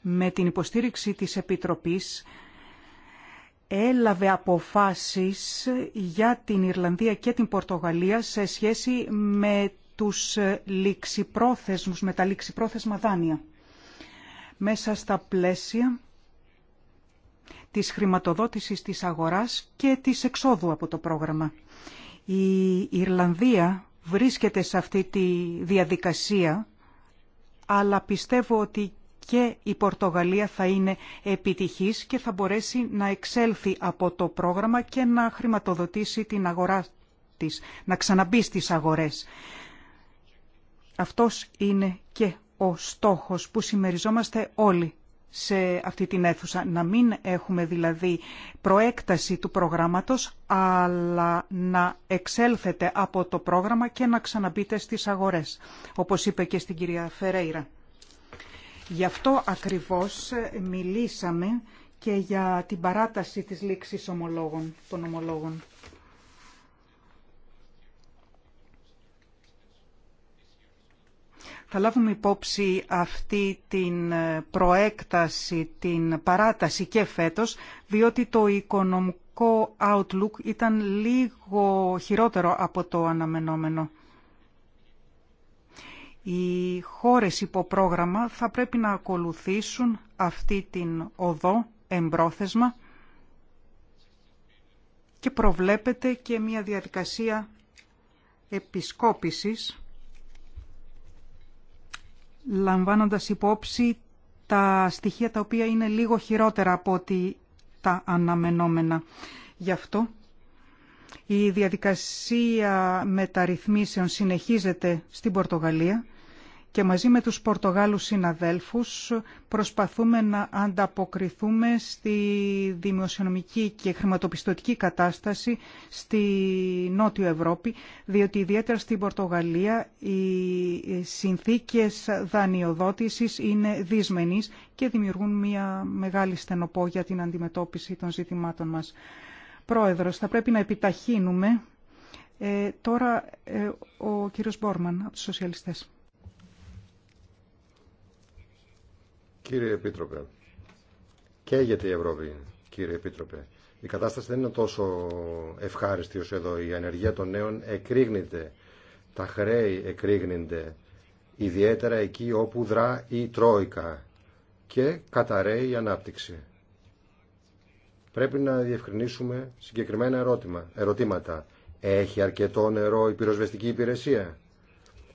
με την υποστήριξη της Επιτροπής έλαβε αποφάσεις για την Ιρλανδία και την Πορτογαλία σε σχέση με τους ληξιπρόθεσμους, με τα ληξιπρόθεσμα δάνεια. Μέσα στα πλαίσια της χρηματοδότησης της αγοράς και της εξόδου από το πρόγραμμα. Η Ιρλανδία βρίσκεται σε αυτή τη διαδικασία, αλλά πιστεύω ότι και η Πορτογαλία θα είναι επιτυχής και θα μπορέσει να εξέλθει από το πρόγραμμα και να χρηματοδοτήσει την αγορά της, να ξαναμπεί στις αγορές. Αυτός είναι και ο στόχος που συμμεριζόμαστε όλοι σε αυτή την αίθουσα. Να μην έχουμε δηλαδή προέκταση του προγράμματος, αλλά να εξέλθετε από το πρόγραμμα και να ξαναμπείτε στις αγορές, όπως είπε και στην κυρία Φερέιρα. Γι' αυτό ακριβώς ε, μιλήσαμε και για την παράταση της λήξης ομολόγων, των ομολόγων. θα λάβουμε υπόψη αυτή την ε, προέκταση, την παράταση και φέτος, διότι το οικονομικό outlook ήταν λίγο χειρότερο από το αναμενόμενο. Οι χώρες πρόγραμμα θα πρέπει να ακολουθήσουν αυτή την οδό εμπρόθεσμα και προβλέπεται και μια διαδικασία επισκόπησης λαμβάνοντας υπόψη τα στοιχεία τα οποία είναι λίγο χειρότερα από ότι τα αναμενόμενα. Γι' αυτό η διαδικασία μεταρρυθμίσεων συνεχίζεται στην Πορτογαλία και μαζί με τους Πορτογάλους συναδέλφους προσπαθούμε να ανταποκριθούμε στη δημοσιονομική και χρηματοπιστωτική κατάσταση στη Νότιο Ευρώπη, διότι ιδιαίτερα στην Πορτογαλία οι συνθήκες δανειοδότησης είναι δυσμενείς και δημιουργούν μια μεγάλη στενοπό για την αντιμετώπιση των ζητημάτων μας. Πρόεδρος, θα πρέπει να επιταχύνουμε. Ε, τώρα ε, ο κύριος Μπόρμαν από τους Σοσιαλιστές. Κύριε Επίτροπε, καίγεται η Ευρώπη, κύριε Επίτροπε. Η κατάσταση δεν είναι τόσο ευχάριστη ως εδώ. Η ανεργία των νέων εκρήγνεται, τα χρέη εκρήγνεται, ιδιαίτερα εκεί όπου δρά η Τρόικα και καταραίει η ανάπτυξη. Πρέπει να διευκρινίσουμε συγκεκριμένα ερώτημα, ερωτήματα. Έχει αρκετό νερό η πυροσβεστική υπηρεσία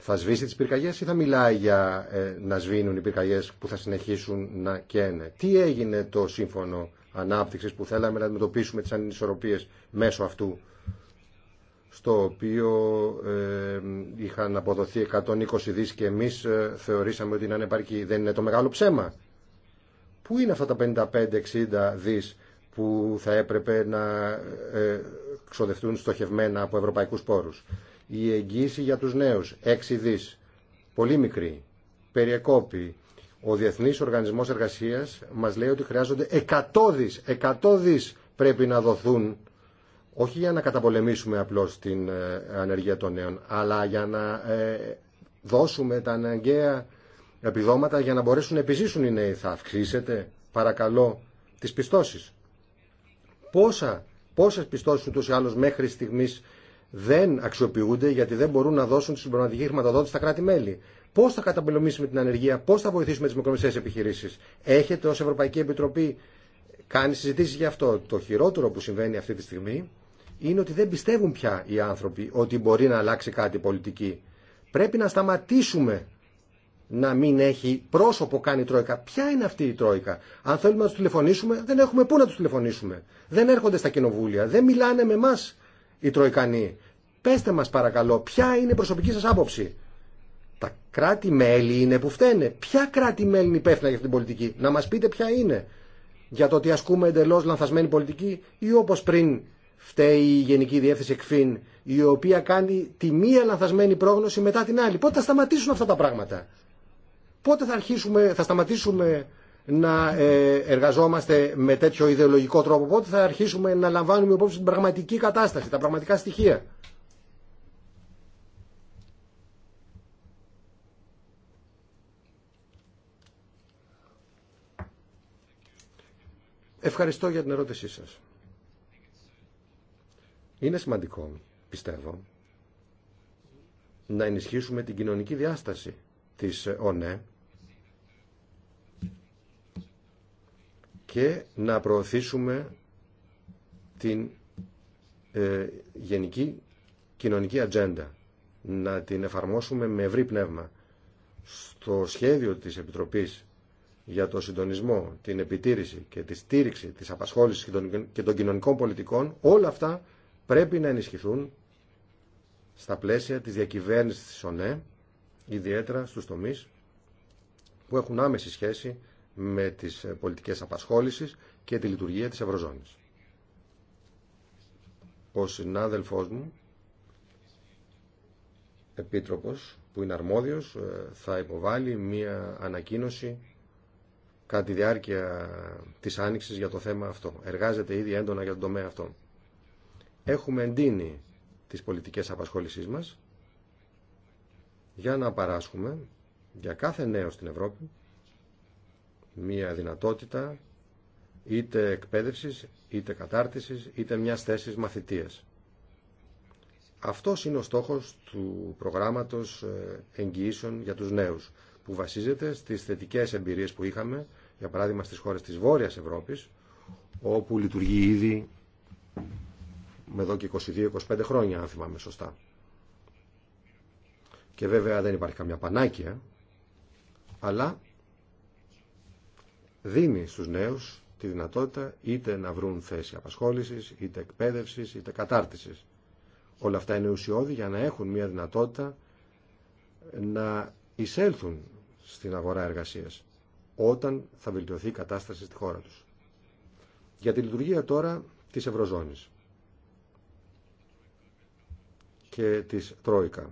θα σβήσει τις πυρκαγιές ή θα μιλάει για ε, να σβήνουν οι πυρκαγιές που θα συνεχίσουν να καίνε. Τι έγινε το σύμφωνο ανάπτυξης που θέλαμε να αντιμετωπίσουμε τις ανισορροπίες μέσω αυτού στο οποίο ε, είχαν αποδοθεί 120 δις και εμείς ε, θεωρήσαμε ότι είναι ανεπαρκή. Δεν είναι το μεγάλο ψέμα. Πού είναι αυτά τα 55-60 δις που θα έπρεπε να ε, ξοδευτούν στοχευμένα από ευρωπαϊκούς πόρους η εγγύηση για τους νέους, 6 δις, πολύ μικρή, περιεκόπη. Ο Διεθνής Οργανισμός Εργασίας μας λέει ότι χρειάζονται 100 δις, 100 δις πρέπει να δοθούν όχι για να καταπολεμήσουμε απλώς την ε, ανεργία των νέων, αλλά για να ε, δώσουμε τα αναγκαία επιδόματα για να μπορέσουν να επιζήσουν οι νέοι. Θα αυξήσετε, παρακαλώ, τις πιστώσεις. Πόσα, πόσες πιστώσεις ούτως ή μέχρι στιγμής δεν αξιοποιούνται γιατί δεν μπορούν να δώσουν τη συμπληρωματική χρηματοδότηση στα κράτη-μέλη. Πώ θα καταπολεμήσουμε την ανεργία, πώ θα βοηθήσουμε τι μικρομεσαίε επιχειρήσει. Έχετε ω Ευρωπαϊκή Επιτροπή κάνει συζητήσει για αυτό. Το χειρότερο που συμβαίνει αυτή τη στιγμή είναι ότι δεν πιστεύουν πια οι άνθρωποι ότι μπορεί να αλλάξει κάτι πολιτική. Πρέπει να σταματήσουμε να μην έχει πρόσωπο κάνει η Τρόικα. Ποια είναι αυτή η Τρόικα. Αν θέλουμε να του τηλεφωνήσουμε, δεν έχουμε πού να του τηλεφωνήσουμε. Δεν έρχονται στα κοινοβούλια, δεν μιλάνε με εμά οι Τροϊκανοί. Πέστε μας παρακαλώ, ποια είναι η προσωπική σας άποψη. Τα κράτη-μέλη είναι που φταίνε. Ποια κράτη-μέλη είναι υπεύθυνα για αυτή την πολιτική. Να μας πείτε ποια είναι. Για το ότι ασκούμε εντελώς λανθασμένη πολιτική ή όπως πριν φταίει η Γενική Διεύθυνση ΕΚΦΗΝ η οποία κάνει τη μία λανθασμένη πρόγνωση μετά την άλλη. Πότε θα σταματήσουν αυτά τα πράγματα. Πότε θα, αρχίσουμε, θα σταματήσουμε να ε, εργαζόμαστε με τέτοιο ιδεολογικό τρόπο. Πότε θα αρχίσουμε να λαμβάνουμε υπόψη την πραγματική κατάσταση, τα πραγματικά στοιχεία. Ευχαριστώ για την ερώτησή σας. Είναι σημαντικό, πιστεύω, να ενισχύσουμε την κοινωνική διάσταση της ΟΝΕ και να προωθήσουμε την ε, γενική κοινωνική ατζέντα. Να την εφαρμόσουμε με ευρύ πνεύμα. Στο σχέδιο της Επιτροπής για το συντονισμό, την επιτήρηση και τη στήριξη της απασχόλησης και των κοινωνικών πολιτικών, όλα αυτά πρέπει να ενισχυθούν στα πλαίσια της διακυβέρνησης της ΟΝΕ, ιδιαίτερα στους τομείς που έχουν άμεση σχέση με τις ε, πολιτικές απασχόλησης και τη λειτουργία της Ευρωζώνης. Ο συνάδελφός μου, επίτροπος που είναι αρμόδιος, ε, θα υποβάλει μία ανακοίνωση κατά τη διάρκεια της άνοιξης για το θέμα αυτό. Εργάζεται ήδη έντονα για τον τομέα αυτό. Έχουμε εντείνει τις πολιτικές απασχόλησής μας για να παράσχουμε για κάθε νέο στην Ευρώπη μία δυνατότητα είτε εκπαίδευσης, είτε κατάρτισης, είτε μιας θέσης μαθητείας. Αυτός είναι ο στόχος του προγράμματος ε, εγγυήσεων για τους νέους, που βασίζεται στις θετικές εμπειρίες που είχαμε, για παράδειγμα στις χώρες της Βόρειας Ευρώπης, όπου λειτουργεί ήδη με εδώ και 22-25 χρόνια, αν θυμάμαι σωστά. Και βέβαια δεν υπάρχει καμιά πανάκια, αλλά δίνει στους νέους τη δυνατότητα είτε να βρουν θέση απασχόλησης, είτε εκπαίδευσης, είτε κατάρτισης. Όλα αυτά είναι ουσιώδη για να έχουν μια δυνατότητα να εισέλθουν στην αγορά εργασίας όταν θα βελτιωθεί η κατάσταση στη χώρα τους. Για τη λειτουργία τώρα της Ευρωζώνης και της Τρόικα.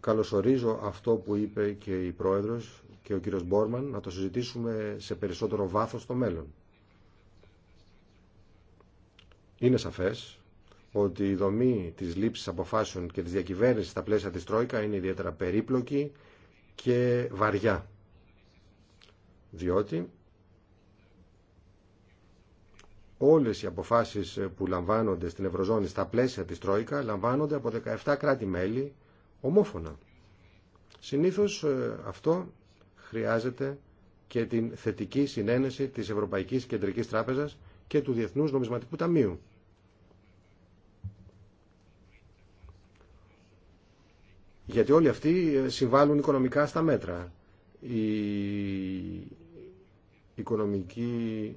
Καλωσορίζω αυτό που είπε και η Πρόεδρος και ο κύριος Μπόρμαν να το συζητήσουμε σε περισσότερο βάθος στο μέλλον. Είναι σαφές ότι η δομή της λήψης αποφάσεων και της διακυβέρνησης στα πλαίσια της Τρόικα είναι ιδιαίτερα περίπλοκη και βαριά. Διότι όλες οι αποφάσεις που λαμβάνονται στην Ευρωζώνη στα πλαίσια της Τρόικα λαμβάνονται από 17 κράτη-μέλη ομόφωνα. Συνήθως ε, αυτό χρειάζεται και την θετική συνένεση της Ευρωπαϊκής Κεντρικής Τράπεζας και του Διεθνούς Νομισματικού Ταμείου. Γιατί όλοι αυτοί ε, συμβάλλουν οικονομικά στα μέτρα. Η οικονομική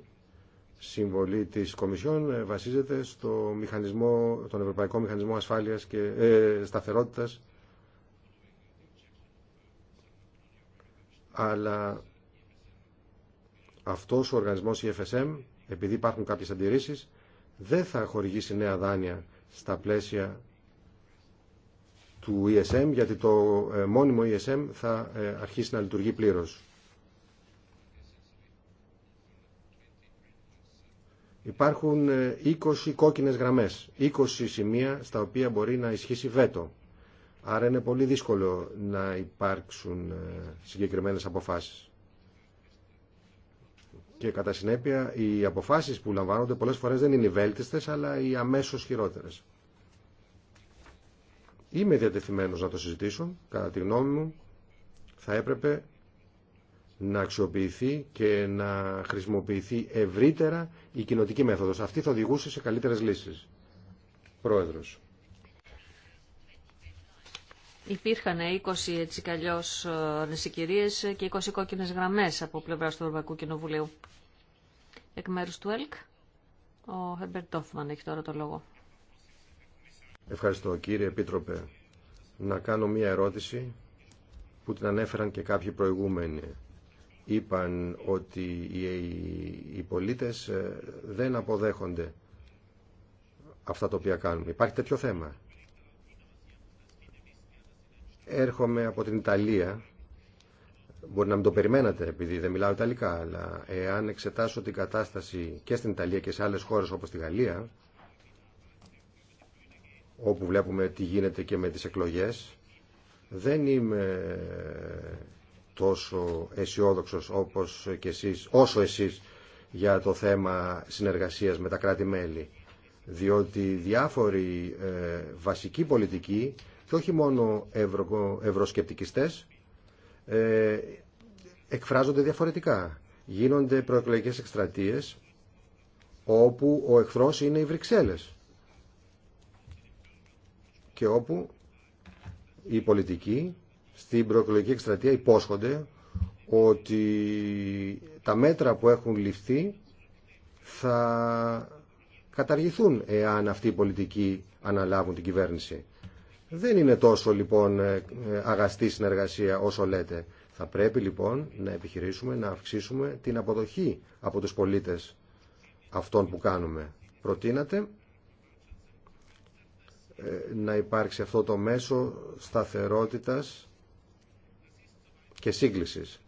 συμβολή της Κομισιόν ε, βασίζεται στο μηχανισμό, Ευρωπαϊκό Μηχανισμό Ασφάλειας και ε, Σταθερότητας αλλά αυτός ο οργανισμός η e FSM, επειδή υπάρχουν κάποιες αντιρρήσεις, δεν θα χορηγήσει νέα δάνεια στα πλαίσια του ESM, γιατί το ε, μόνιμο ESM θα ε, αρχίσει να λειτουργεί πλήρως. Υπάρχουν 20 ε, κόκκινες γραμμές, 20 σημεία στα οποία μπορεί να ισχύσει βέτο. Άρα είναι πολύ δύσκολο να υπάρξουν ε, συγκεκριμένες αποφάσεις. Και κατά συνέπεια οι αποφάσεις που λαμβάνονται πολλές φορές δεν είναι οι βέλτιστες αλλά οι αμέσως χειρότερες. Είμαι διατεθειμένος να το συζητήσω. Κατά τη γνώμη μου θα έπρεπε να αξιοποιηθεί και να χρησιμοποιηθεί ευρύτερα η κοινοτική μέθοδος. Αυτή θα οδηγούσε σε καλύτερες λύσεις. Πρόεδρος. Υπήρχαν 20 έτσι κι αλλιώ ε, και 20 κόκκινες γραμμές από πλευρά του Ευρωπαϊκού Κοινοβουλίου. Εκ μέρου του ΕΛΚ, ο Χερμπέρτ Τόφμαν έχει τώρα το λόγο. Ευχαριστώ κύριε Επίτροπε. Να κάνω μία ερώτηση που την ανέφεραν και κάποιοι προηγούμενοι. Είπαν ότι οι πολίτες ε, δεν αποδέχονται αυτά τα οποία κάνουν. Υπάρχει τέτοιο θέμα. Έρχομαι από την Ιταλία. Μπορεί να μην το περιμένατε επειδή δεν μιλάω Ιταλικά, αλλά εάν εξετάσω την κατάσταση και στην Ιταλία και σε άλλες χώρες όπως τη Γαλλία, όπου βλέπουμε τι γίνεται και με τις εκλογές, δεν είμαι τόσο αισιόδοξο όπως και εσείς, όσο εσείς για το θέμα συνεργασίας με τα κράτη-μέλη. Διότι διάφοροι ε, βασικοί πολιτικοί και όχι μόνο ευρω, ευρωσκεπτικιστές ε, εκφράζονται διαφορετικά. Γίνονται προεκλογικές εκστρατείες όπου ο εχθρός είναι οι Βρυξέλλες και όπου οι πολιτικοί στην προεκλογική εκστρατεία υπόσχονται ότι τα μέτρα που έχουν ληφθεί θα καταργηθούν εάν αυτοί οι πολιτικοί αναλάβουν την κυβέρνηση. Δεν είναι τόσο λοιπόν ε, ε, αγαστή συνεργασία όσο λέτε. Θα πρέπει λοιπόν να επιχειρήσουμε να αυξήσουμε την αποδοχή από τους πολίτες αυτών που κάνουμε. Προτείνατε ε, να υπάρξει αυτό το μέσο σταθερότητας και σύγκλησης.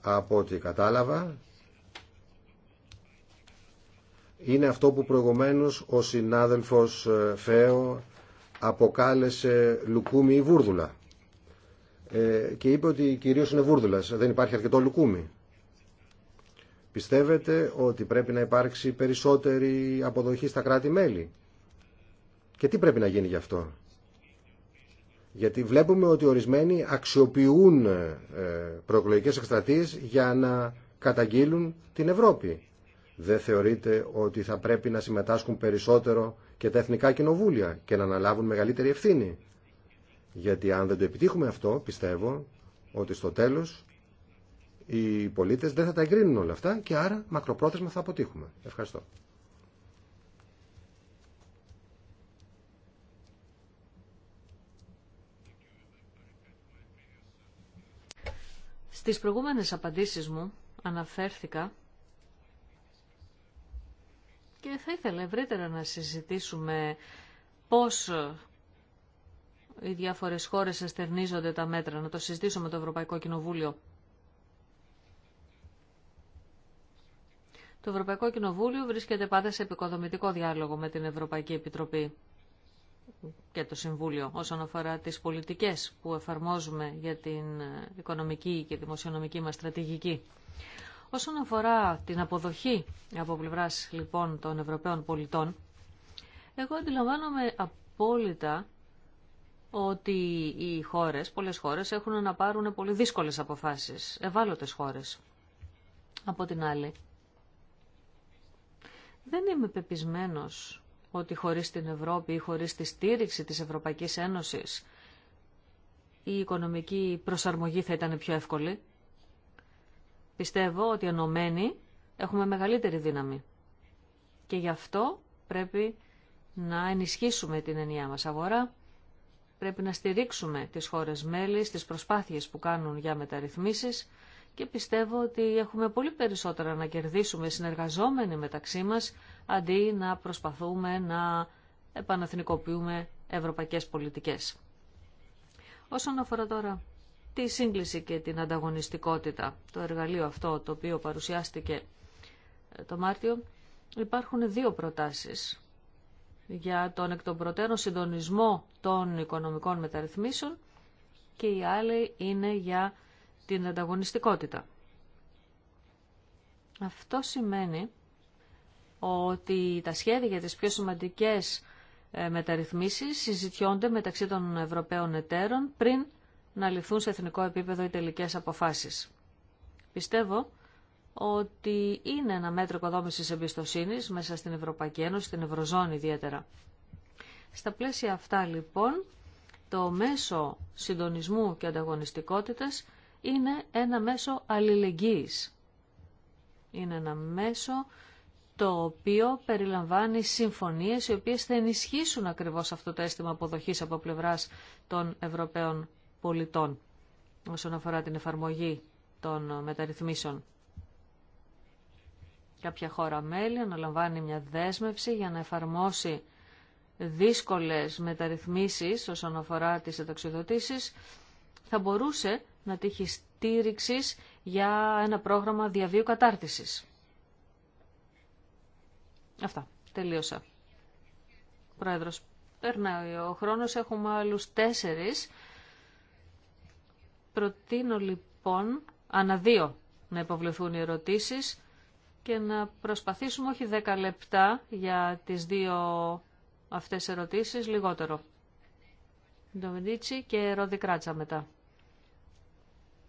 Από ό,τι κατάλαβα, είναι αυτό που προηγουμένως ο συνάδελφος Φέο αποκάλεσε λουκούμι ή βούρδουλα. Ε, και είπε ότι κυρίως είναι βούρδουλας, δεν υπάρχει αρκετό λουκούμι. Πιστεύετε ότι πρέπει να υπάρξει περισσότερη αποδοχή στα κράτη-μέλη. Και τι πρέπει να γίνει γι' αυτό. Γιατί βλέπουμε ότι ορισμένοι αξιοποιούν ε, προεκλογικές εκστρατείες για να καταγγείλουν την Ευρώπη δεν θεωρείτε ότι θα πρέπει να συμμετάσχουν περισσότερο και τα εθνικά κοινοβούλια και να αναλάβουν μεγαλύτερη ευθύνη. Γιατί αν δεν το επιτύχουμε αυτό, πιστεύω ότι στο τέλος οι πολίτες δεν θα τα εγκρίνουν όλα αυτά και άρα μακροπρόθεσμα θα αποτύχουμε. Ευχαριστώ. Στις προηγούμενες απαντήσεις μου αναφέρθηκα και θα ήθελα ευρύτερα να συζητήσουμε πώς οι διάφορες χώρες αστερνίζονται τα μέτρα, να το συζητήσουμε με το Ευρωπαϊκό Κοινοβούλιο. Το Ευρωπαϊκό Κοινοβούλιο βρίσκεται πάντα σε επικοδομητικό διάλογο με την Ευρωπαϊκή Επιτροπή και το Συμβούλιο όσον αφορά τις πολιτικές που εφαρμόζουμε για την οικονομική και δημοσιονομική μας στρατηγική. Όσον αφορά την αποδοχή από πλευρά λοιπόν των Ευρωπαίων πολιτών, εγώ αντιλαμβάνομαι απόλυτα ότι οι χώρες, πολλές χώρες, έχουν να πάρουν πολύ δύσκολες αποφάσεις, ευάλωτες χώρες. Από την άλλη, δεν είμαι πεπισμένος ότι χωρίς την Ευρώπη ή χωρίς τη στήριξη της Ευρωπαϊκής Ένωσης η οικονομική προσαρμογή θα ήταν πιο εύκολη. Πιστεύω ότι ενωμένοι έχουμε μεγαλύτερη δύναμη. Και γι' αυτό πρέπει να ενισχύσουμε την ενιαία μας αγορά, πρέπει να στηρίξουμε τις χώρες μέλη, τις προσπάθειες που κάνουν για μεταρρυθμίσεις και πιστεύω ότι έχουμε πολύ περισσότερα να κερδίσουμε συνεργαζόμενοι μεταξύ μας αντί να προσπαθούμε να επαναθνικοποιούμε ευρωπαϊκές πολιτικές. Όσον αφορά τώρα τη σύγκληση και την ανταγωνιστικότητα. Το εργαλείο αυτό το οποίο παρουσιάστηκε ε, το Μάρτιο υπάρχουν δύο προτάσεις για τον εκ των προτέρων συντονισμό των οικονομικών μεταρρυθμίσεων και η άλλη είναι για την ανταγωνιστικότητα. Αυτό σημαίνει ότι τα σχέδια για τις πιο σημαντικές ε, μεταρρυθμίσεις συζητιώνται μεταξύ των Ευρωπαίων εταίρων πριν να ληφθούν σε εθνικό επίπεδο οι τελικές αποφάσεις. Πιστεύω ότι είναι ένα μέτρο οικοδόμησης εμπιστοσύνης μέσα στην Ευρωπαϊκή Ένωση, στην Ευρωζώνη ιδιαίτερα. Στα πλαίσια αυτά λοιπόν, το μέσο συντονισμού και ανταγωνιστικότητας είναι ένα μέσο αλληλεγγύης. Είναι ένα μέσο το οποίο περιλαμβάνει συμφωνίες οι οποίες θα ενισχύσουν ακριβώς αυτό το αίσθημα αποδοχής από πλευράς των Ευρωπαίων πολιτών όσον αφορά την εφαρμογή των μεταρρυθμίσεων. Κάποια χώρα μέλη αναλαμβάνει μια δέσμευση για να εφαρμόσει δύσκολες μεταρρυθμίσεις όσον αφορά τις ενταξιοδοτήσεις, θα μπορούσε να τύχει στήριξη για ένα πρόγραμμα διαβίου κατάρτισης. Αυτά. Τελείωσα. Πρόεδρος, περνάει ο χρόνος. Έχουμε άλλους τέσσερις Προτείνω λοιπόν δύο, να υποβληθούν οι ερωτήσεις και να προσπαθήσουμε όχι δέκα λεπτά για τις δύο αυτές ερωτήσεις, λιγότερο. Ντομινίτσι και Ρόδι μετά.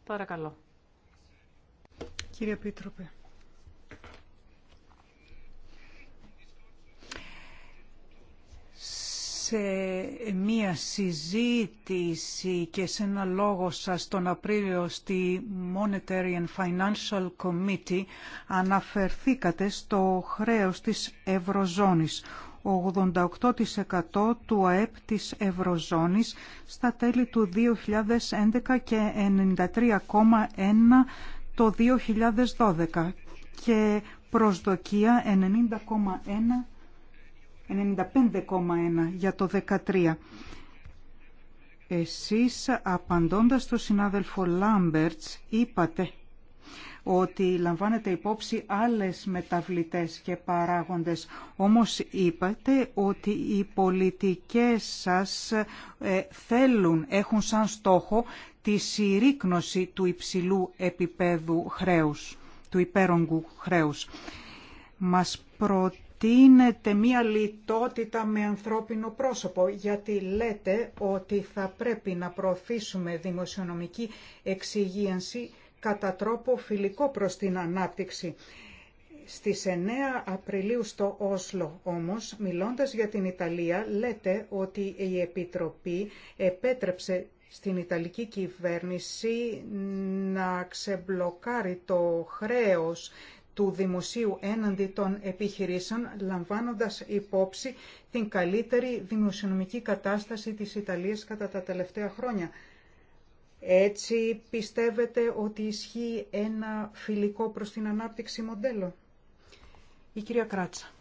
Παρακαλώ. Κύριε Πίτροπε, σε μία συζήτηση και σε ένα λόγο σας τον Απρίλιο στη Monetary and Financial Committee αναφερθήκατε στο χρέος της Ευρωζώνης. 88% του ΑΕΠ της Ευρωζώνης στα τέλη του 2011 και 93,1% το 2012 και προσδοκία 90,1% 95,1 για το 13. Εσείς απαντώντας στον συνάδελφο Λάμπερτς είπατε ότι λαμβάνετε υπόψη άλλες μεταβλητές και παράγοντες. Όμως είπατε ότι οι πολιτικές σας ε, θέλουν, έχουν σαν στόχο τη συρρήκνωση του υψηλού επίπεδου χρέους, του υπέρογκου χρέους. Μας προτείνετε είναι μία λιτότητα με ανθρώπινο πρόσωπο, γιατί λέτε ότι θα πρέπει να προωθήσουμε δημοσιονομική εξυγίανση κατά τρόπο φιλικό προς την ανάπτυξη. Στις 9 Απριλίου στο Όσλο όμως, μιλώντας για την Ιταλία, λέτε ότι η Επιτροπή επέτρεψε στην Ιταλική κυβέρνηση να ξεμπλοκάρει το χρέος του δημοσίου έναντι των επιχειρήσεων, λαμβάνοντας υπόψη την καλύτερη δημοσιονομική κατάσταση της Ιταλίας κατά τα τελευταία χρόνια. Έτσι πιστεύετε ότι ισχύει ένα φιλικό προς την ανάπτυξη μοντέλο. Η κυρία Κράτσα.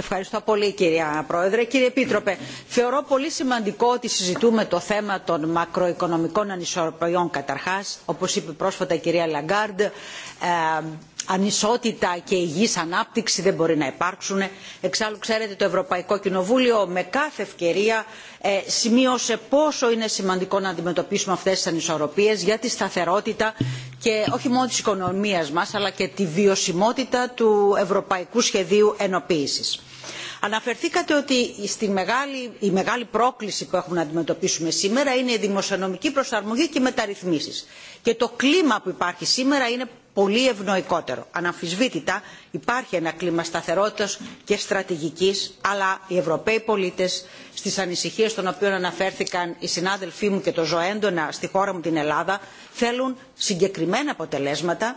Ευχαριστώ πολύ κυρία Πρόεδρε. Κύριε Επίτροπε, θεωρώ πολύ σημαντικό ότι συζητούμε το θέμα των μακροοικονομικών ανισορροπιών καταρχάς, όπως είπε πρόσφατα η κυρία Λαγκάρντ ε, ανισότητα και υγιής ανάπτυξη δεν μπορεί να υπάρξουν. εξάλλου ξέρετε το ευρωπαϊκό κοινοβούλιο με κάθε ευκαιρία ε, σημείωσε πόσο είναι σημαντικό να αντιμετωπίσουμε αυτές τις ανισορροπίες για τη σταθερότητα και όχι μόνο της οικονομίας μας αλλά και τη βιωσιμότητα του ευρωπαϊκού σχεδίου ενοποίησης. Αναφερθήκατε ότι στη μεγάλη, η μεγάλη πρόκληση που έχουμε να αντιμετωπίσουμε σήμερα είναι η δημοσιονομική προσαρμογή και οι μεταρρυθμίσεις. Και το κλίμα που υπάρχει σήμερα είναι πολύ ευνοϊκότερο. Αναμφισβήτητα υπάρχει ένα κλίμα σταθερότητας και στρατηγικής, αλλά οι Ευρωπαίοι πολίτες στις ανησυχίες των οποίων αναφέρθηκαν οι συνάδελφοί μου και το ζωέντονα στη χώρα μου την Ελλάδα, θέλουν συγκεκριμένα αποτελέσματα,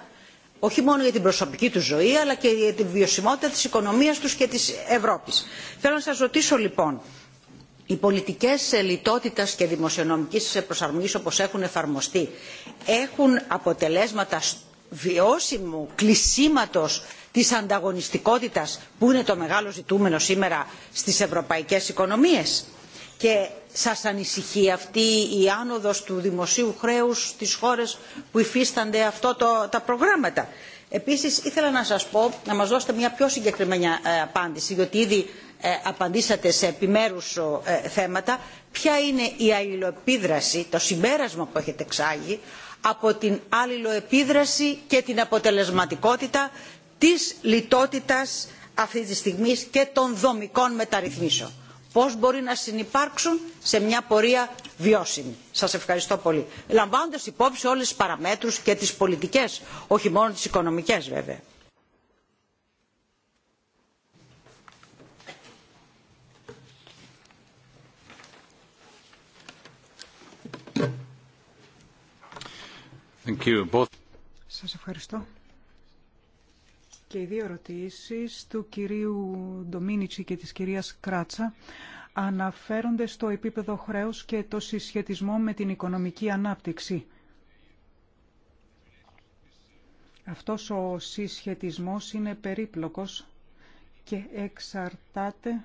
όχι μόνο για την προσωπική του ζωή, αλλά και για την βιωσιμότητα της οικονομίας τους και της Ευρώπης. Θέλω να σας ρωτήσω λοιπόν, οι πολιτικές λιτότητας και δημοσιονομικής προσαρμογής όπως έχουν εφαρμοστεί έχουν αποτελέσματα βιώσιμου κλεισίματος της ανταγωνιστικότητας που είναι το μεγάλο ζητούμενο σήμερα στις ευρωπαϊκές οικονομίες και σας ανησυχεί αυτή η άνοδος του δημοσίου χρέους στις χώρες που υφίστανται αυτό τα προγράμματα. Επίσης ήθελα να σας πω να μας δώσετε μια πιο συγκεκριμένη ε, απάντηση γιατί ήδη ε, απαντήσατε σε επιμέρους ε, θέματα ποια είναι η αλληλοεπίδραση, το συμπέρασμα που έχετε εξάγει από την αλληλοεπίδραση και την αποτελεσματικότητα της λιτότητας αυτή τη στιγμή και των δομικών μεταρρυθμίσεων. Πώς μπορεί να συνεπάρξουν σε μια πορεία βιώσιμη. Σας ευχαριστώ πολύ. Λαμβάνοντας υπόψη όλες τις παραμέτρους και τις πολιτικές, όχι μόνο τις οικονομικές βέβαια. Σας ευχαριστώ. Και οι δύο ερωτήσεις του κυρίου Ντομίνιτσι και της κυρίας Κράτσα αναφέρονται στο επίπεδο χρέους και το συσχετισμό με την οικονομική ανάπτυξη. Αυτός ο συσχετισμός είναι περίπλοκος και εξαρτάται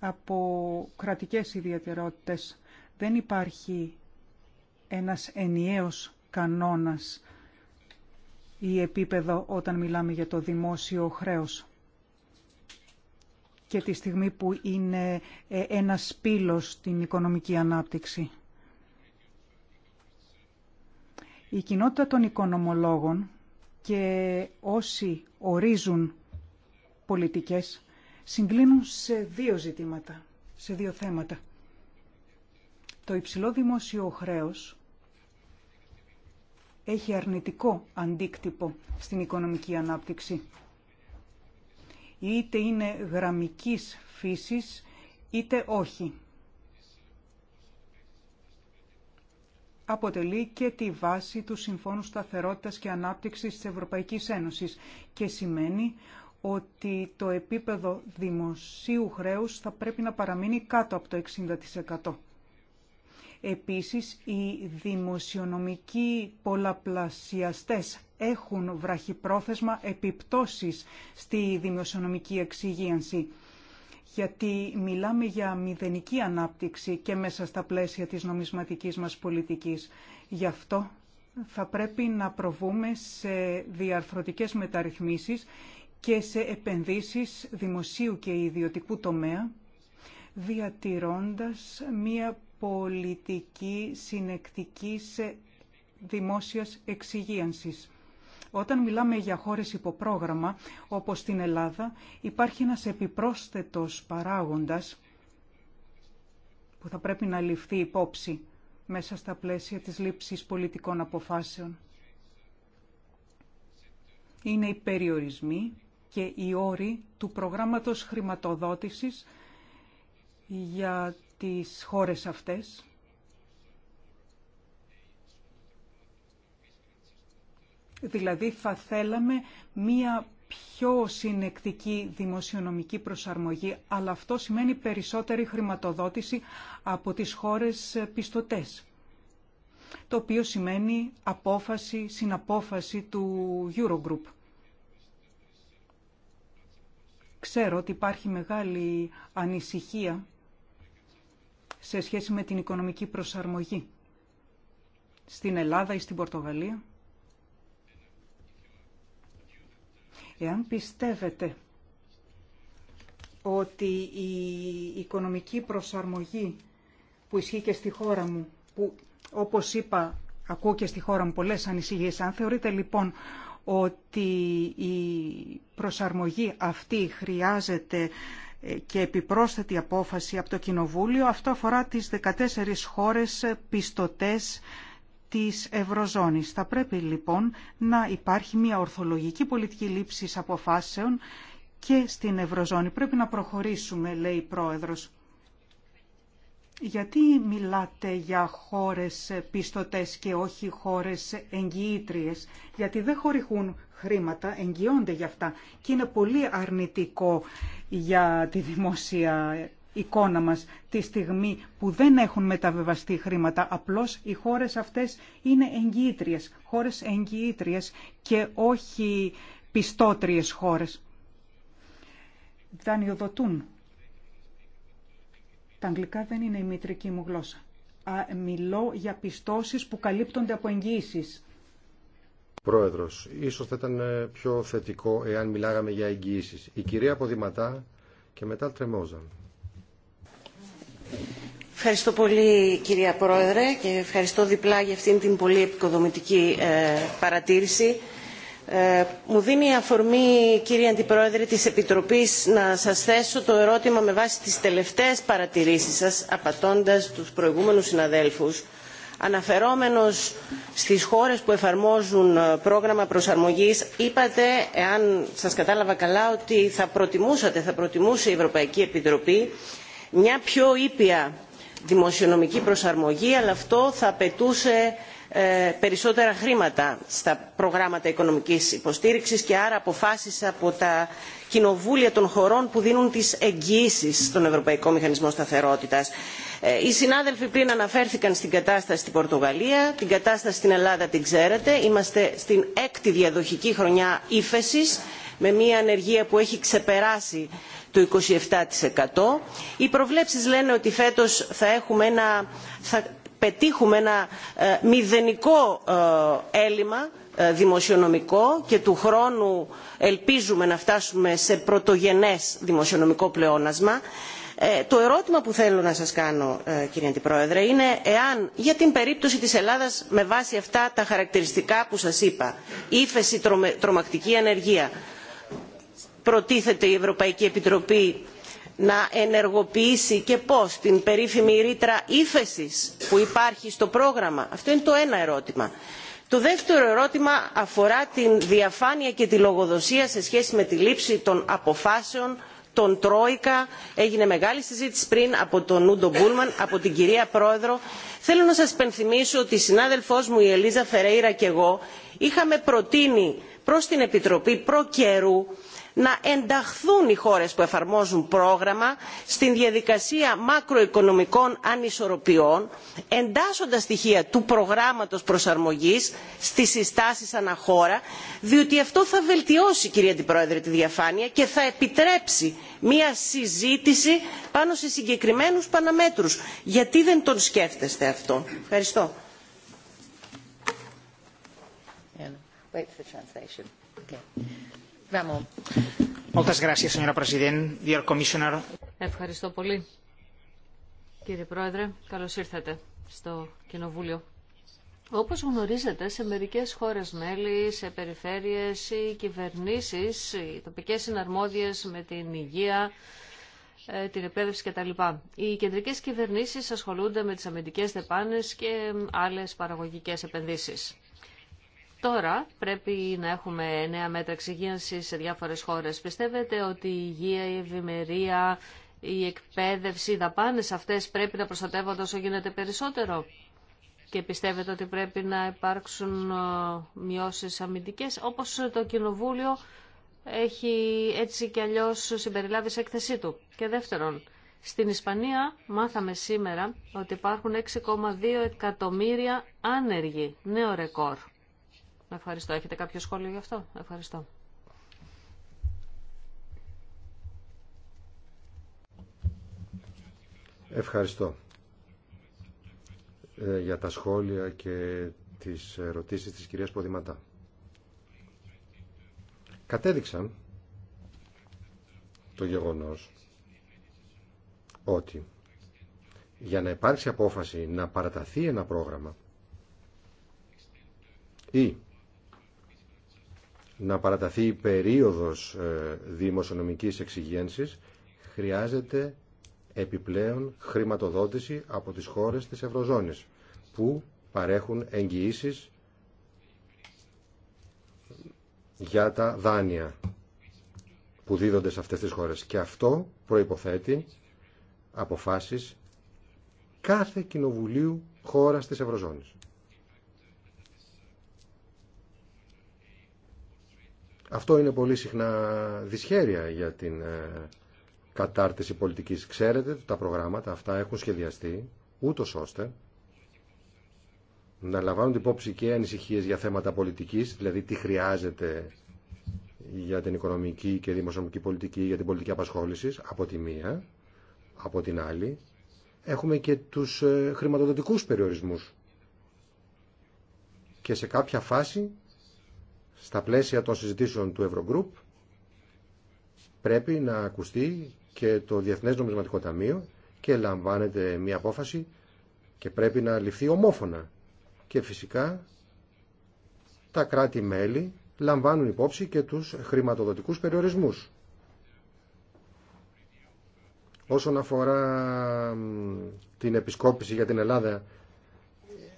από κρατικές ιδιαιτερότητες. Δεν υπάρχει ένας ενιαίος κανόνας ή επίπεδο όταν μιλάμε για το δημόσιο χρέος. Και τη στιγμή που είναι ε, ένα σπήλος στην οικονομική ανάπτυξη. Η κοινότητα των οικονομολόγων και όσοι ορίζουν πολιτικές συγκλίνουν σε δύο ζητήματα, σε δύο θέματα. Το υψηλό δημόσιο χρέος έχει αρνητικό αντίκτυπο στην οικονομική ανάπτυξη. Είτε είναι γραμμικής φύσης, είτε όχι. αποτελεί και τη βάση του Συμφώνου Σταθερότητας και Ανάπτυξης της Ευρωπαϊκής Ένωσης και σημαίνει ότι το επίπεδο δημοσίου χρέους θα πρέπει να παραμείνει κάτω από το 60%. Επίσης, οι δημοσιονομικοί πολλαπλασιαστές έχουν βραχυπρόθεσμα επιπτώσεις στη δημοσιονομική εξυγίανση γιατί μιλάμε για μηδενική ανάπτυξη και μέσα στα πλαίσια της νομισματικής μας πολιτικής. Γι' αυτό θα πρέπει να προβούμε σε διαρθρωτικές μεταρρυθμίσεις και σε επενδύσεις δημοσίου και ιδιωτικού τομέα, διατηρώντας μία πολιτική συνεκτική δημόσιας εξυγίανσης. Όταν μιλάμε για χώρες υποπρόγραμμα, όπως την Ελλάδα, υπάρχει ένας επιπρόσθετος παράγοντας που θα πρέπει να ληφθεί υπόψη μέσα στα πλαίσια της λήψης πολιτικών αποφάσεων. Είναι οι περιορισμοί και οι όροι του προγράμματος χρηματοδότησης για τις χώρες αυτές. Δηλαδή θα θέλαμε μία πιο συνεκτική δημοσιονομική προσαρμογή, αλλά αυτό σημαίνει περισσότερη χρηματοδότηση από τις χώρες πιστωτές, το οποίο σημαίνει απόφαση, συναπόφαση του Eurogroup. Ξέρω ότι υπάρχει μεγάλη ανησυχία σε σχέση με την οικονομική προσαρμογή στην Ελλάδα ή στην Πορτογαλία. Εάν πιστεύετε ότι η οικονομική προσαρμογή που ισχύει και στη χώρα μου, που όπως είπα ακούω και στη χώρα μου πολλές ανησυχίες, αν θεωρείτε λοιπόν ότι η προσαρμογή αυτή χρειάζεται και επιπρόσθετη απόφαση από το Κοινοβούλιο. Αυτό αφορά τις 14 χώρες πιστωτές της Ευρωζώνης. Θα πρέπει λοιπόν να υπάρχει μια ορθολογική πολιτική λήψη αποφάσεων και στην Ευρωζώνη. Πρέπει να προχωρήσουμε, λέει η Πρόεδρος. Γιατί μιλάτε για χώρες πιστωτές και όχι χώρες εγγυήτριες, γιατί δεν χορηγούν χρήματα, εγγυώνται για αυτά και είναι πολύ αρνητικό για τη δημόσια εικόνα μας τη στιγμή που δεν έχουν μεταβεβαστεί χρήματα. Απλώς οι χώρες αυτές είναι εγγυήτριες, χώρες εγγυήτριες και όχι πιστότριες χώρες. Δανειοδοτούν. Τα αγγλικά δεν είναι η μητρική μου γλώσσα. μιλώ για πιστώσεις που καλύπτονται από εγγύησεις. Πρόεδρο, ίσως θα ήταν ε, πιο θετικό εάν μιλάγαμε για εγγυήσει. Η κυρία Ποδηματά και μετά τρεμόζαν. Ευχαριστώ πολύ κυρία Πρόεδρε και ευχαριστώ διπλά για αυτήν την πολύ επικοδομητική ε, παρατήρηση. Ε, μου δίνει αφορμή κύριε Αντιπρόεδρε της Επιτροπής να σας θέσω το ερώτημα με βάση τις τελευταίες παρατηρήσεις σας απατώντας τους προηγούμενους συναδέλφους αναφερόμενος στις χώρες που εφαρμόζουν ε, πρόγραμμα προσαρμογής είπατε εάν σας κατάλαβα καλά ότι θα προτιμούσατε θα προτιμούσε η ευρωπαϊκή επιτροπή μια πιο ήπια δημοσιονομική προσαρμογή αλλά αυτό θα απαιτούσε ε, περισσότερα χρήματα στα προγράμματα οικονομικής υποστήριξης και άρα αποφάσεις από τα κοινοβούλια των χωρών που δίνουν τις εγγυήσεις στον ευρωπαϊκό μηχανισμό σταθερότητας. Ε, οι συνάδελφοι πριν αναφέρθηκαν στην κατάσταση στην πορτογαλία την κατάσταση στην ελλάδα την ξέρετε είμαστε στην έκτη διαδοχική χρονιά ύφεσης με μια ανεργία που έχει ξεπεράσει το 27%. Οι προβλέψεις λένε ότι φέτος θα, πετύχουμε ένα ε, μηδενικό ε, έλλειμμα δημοσιονομικό και του χρόνου ελπίζουμε να φτάσουμε σε πρωτογενές δημοσιονομικό πλεόνασμα ε, το ερώτημα που θέλω να σας κάνω ε, κύριε αντιπρόεδρε είναι εάν για την περίπτωση της ελλάδας με βάση αυτά τα χαρακτηριστικά που σας είπα ύφεση τρομακτική ανεργία προτίθεται η ευρωπαϊκή επιτροπή να ενεργοποιήσει και πώς την περίφημη ρήτρα ύφεσης που υπάρχει στο πρόγραμμα. αυτό είναι το ένα ερώτημα. το δεύτερο ερώτημα αφορά την διαφάνεια και τη λογοδοσία σε σχέση με τη λήψη των αποφάσεων τον Τρόικα. Έγινε μεγάλη συζήτηση πριν από τον Ούντο Μπούλμαν, από την κυρία Πρόεδρο. Θέλω να σας υπενθυμίσω ότι η συνάδελφός μου η Ελίζα Φερέιρα και εγώ είχαμε προτείνει προς την Επιτροπή προ καιρού να ενταχθούν οι χώρες που εφαρμόζουν πρόγραμμα στη διαδικασία μακροοικονομικών ανισορροπιών εντάσσοντας στοιχεία του προγράμματος προσαρμογής στις συστάσεις αναχώρα διότι αυτό θα βελτιώσει κυρία την πρόεδρε τη διαφάνεια και θα επιτρέψει μια συζήτηση πάνω σε συγκεκριμένους παναμέτρους. γιατί δεν τον σκέφτεστε αυτό. ευχαριστώ. Ευχαριστώ πολύ. Κύριε Πρόεδρε, καλώς ήρθατε στο Κοινοβούλιο. Όπως γνωρίζετε, σε μερικές χώρες μέλη, σε περιφέρειες, οι κυβερνήσεις, οι τοπικές συναρμόδιες με την υγεία, ε, την εκπαίδευση κτλ. Οι κεντρικές κυβερνήσεις ασχολούνται με τις αμυντικές δεπάνες και άλλες παραγωγικές επενδύσεις. Τώρα πρέπει να έχουμε νέα μέτρα εξυγίανση σε διάφορε χώρε. Πιστεύετε ότι η υγεία, η ευημερία, η εκπαίδευση, οι δαπάνε αυτές πρέπει να προστατεύονται όσο γίνεται περισσότερο. Και πιστεύετε ότι πρέπει να υπάρξουν ε, μειώσει αμυντικέ, όπω το Κοινοβούλιο έχει έτσι κι αλλιώ συμπεριλάβει σε έκθεσή του. Και δεύτερον, στην Ισπανία μάθαμε σήμερα ότι υπάρχουν 6,2 εκατομμύρια άνεργοι, νέο ρεκόρ. Ευχαριστώ. Έχετε κάποιο σχόλιο γι' αυτό. Ευχαριστώ. Ευχαριστώ ε, για τα σχόλια και τις ερωτήσεις της κυρίας Ποδηματά. Κατέδειξαν το γεγονός ότι για να υπάρξει απόφαση να παραταθεί ένα πρόγραμμα ή να παραταθεί η περίοδος ε, δημοσιονομικής εξυγένσης χρειάζεται επιπλέον χρηματοδότηση από τις χώρες της Ευρωζώνης που παρέχουν εγγυήσεις για τα δάνεια που δίδονται σε αυτές τις χώρες. Και αυτό προϋποθέτει αποφάσεις κάθε κοινοβουλίου χώρας της Ευρωζώνης. Αυτό είναι πολύ συχνά δυσχέρεια για την ε, κατάρτιση πολιτικής. Ξέρετε τα προγράμματα αυτά έχουν σχεδιαστεί ούτω ώστε να λαμβάνουν υπόψη και ανησυχίες για θέματα πολιτικής, δηλαδή τι χρειάζεται για την οικονομική και δημοσιονομική πολιτική, για την πολιτική απασχόληση, από τη μία, από την άλλη, έχουμε και τους ε, χρηματοδοτικούς περιορισμούς. Και σε κάποια φάση στα πλαίσια των συζητήσεων του Eurogroup πρέπει να ακουστεί και το Διεθνές Νομισματικό Ταμείο και λαμβάνεται μια απόφαση και πρέπει να ληφθεί ομόφωνα. Και φυσικά τα κράτη-μέλη λαμβάνουν υπόψη και τους χρηματοδοτικούς περιορισμούς. Όσον αφορά την επισκόπηση για την Ελλάδα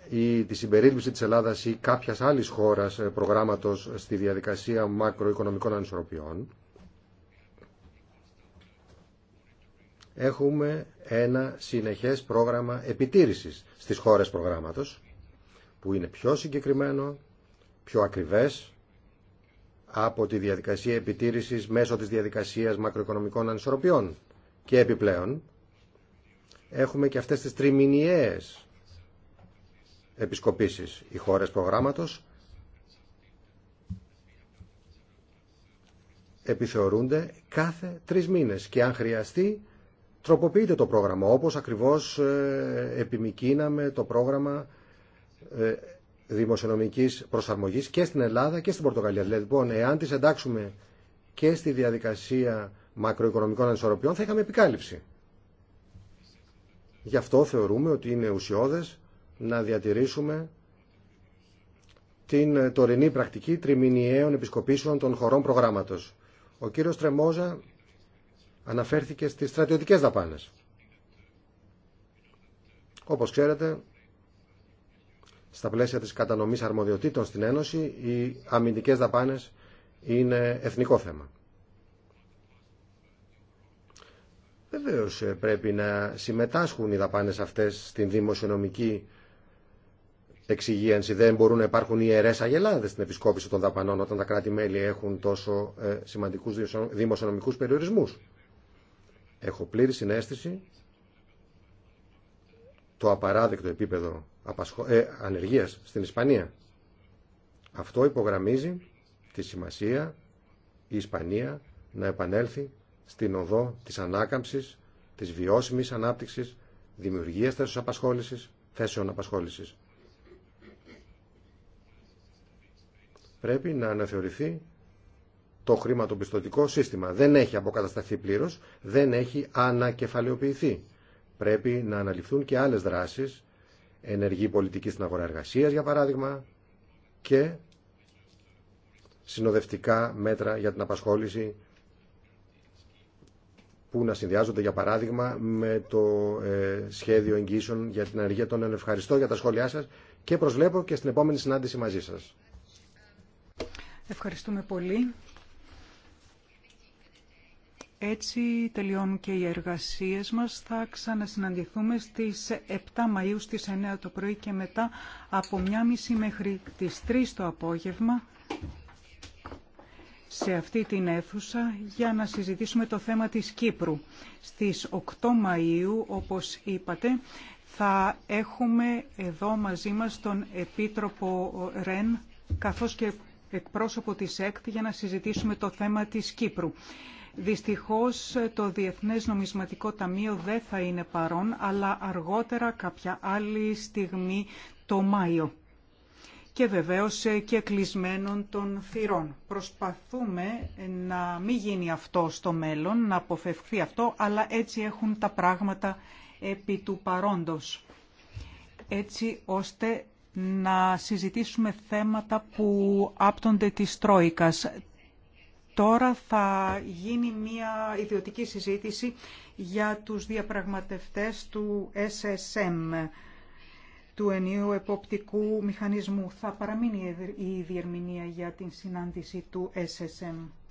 ή τη συμπερίληψη της Ελλάδας ή κάποιας άλλης χώρας ε, προγράμματος στη διαδικασία μακροοικονομικών ανισορροπιών έχουμε ένα συνεχές πρόγραμμα επιτήρησης στις χώρες προγράμματος που είναι πιο συγκεκριμένο, πιο ακριβές από τη διαδικασία επιτήρησης μέσω της διαδικασίας μακροοικονομικών ανισορροπιών. Και επιπλέον έχουμε και αυτές τις τριμηνιαίες επισκοπήσεις. Οι χώρες προγράμματος επιθεωρούνται κάθε τρεις μήνες και αν χρειαστεί τροποποιείται το πρόγραμμα όπως ακριβώς ε, επιμικίναμε το πρόγραμμα ε, δημοσιονομικής προσαρμογής και στην Ελλάδα και στην Πορτογαλία. Δηλαδή, λοιπόν, εάν τις εντάξουμε και στη διαδικασία μακροοικονομικών ανισορροπιών θα είχαμε επικάλυψη. Γι' αυτό θεωρούμε ότι είναι ουσιώδες να διατηρήσουμε την τωρινή πρακτική τριμηνιαίων επισκοπήσεων των χωρών προγράμματος. Ο κύριος Τρεμόζα αναφέρθηκε στις στρατιωτικές δαπάνες. Όπως ξέρετε, στα πλαίσια της κατανομής αρμοδιοτήτων στην Ένωση, οι αμυντικές δαπάνες είναι εθνικό θέμα. Βεβαίω ε, πρέπει να συμμετάσχουν οι δαπάνες αυτές στην δημοσιονομική εξυγίανση. Δεν μπορούν να υπάρχουν οι αγελάδε στην επισκόπηση των δαπανών όταν τα κράτη-μέλη έχουν τόσο ε, σημαντικούς δημοσιονομικούς περιορισμούς. Έχω πλήρη συνέστηση το απαράδεκτο επίπεδο ε, ανεργίας στην Ισπανία. Αυτό υπογραμμίζει τη σημασία η Ισπανία να επανέλθει στην οδό της ανάκαμψης, της βιώσιμης ανάπτυξης, δημιουργίας θέσεων απασχόλησης, θέσεων απασχόλησης. πρέπει να αναθεωρηθεί το χρηματοπιστωτικό σύστημα. Δεν έχει αποκατασταθεί πλήρω, δεν έχει ανακεφαλαιοποιηθεί. Πρέπει να αναλυφθούν και άλλε δράσει, ενεργή πολιτική στην αγορά εργασία, για παράδειγμα, και συνοδευτικά μέτρα για την απασχόληση που να συνδυάζονται για παράδειγμα με το ε, σχέδιο εγγύσεων για την ενεργεία των ευχαριστώ για τα σχόλιά σας και προσβλέπω και στην επόμενη συνάντηση μαζί σας. Ευχαριστούμε πολύ. Έτσι τελειώνουν και οι εργασίες μας. Θα ξανασυναντηθούμε στις 7 Μαΐου στις 9 το πρωί και μετά από 1.30 μέχρι τις 3 το απόγευμα σε αυτή την αίθουσα για να συζητήσουμε το θέμα της Κύπρου. Στις 8 Μαΐου, όπως είπατε, θα έχουμε εδώ μαζί μας τον Επίτροπο Ρεν, καθώς και εκπρόσωπο της ΕΚΤ για να συζητήσουμε το θέμα της Κύπρου. Δυστυχώς το Διεθνές Νομισματικό Ταμείο δεν θα είναι παρόν, αλλά αργότερα κάποια άλλη στιγμή το Μάιο. Και βεβαίως ε, και κλεισμένων των θυρών. Προσπαθούμε ε, να μην γίνει αυτό στο μέλλον, να αποφευχθεί αυτό, αλλά έτσι έχουν τα πράγματα επί του παρόντος. Έτσι ώστε να συζητήσουμε θέματα που άπτονται της Τρόικας. Τώρα θα γίνει μια ιδιωτική συζήτηση για τους διαπραγματευτές του SSM, του ενίου εποπτικού μηχανισμού. Θα παραμείνει η διερμηνία για την συνάντηση του SSM.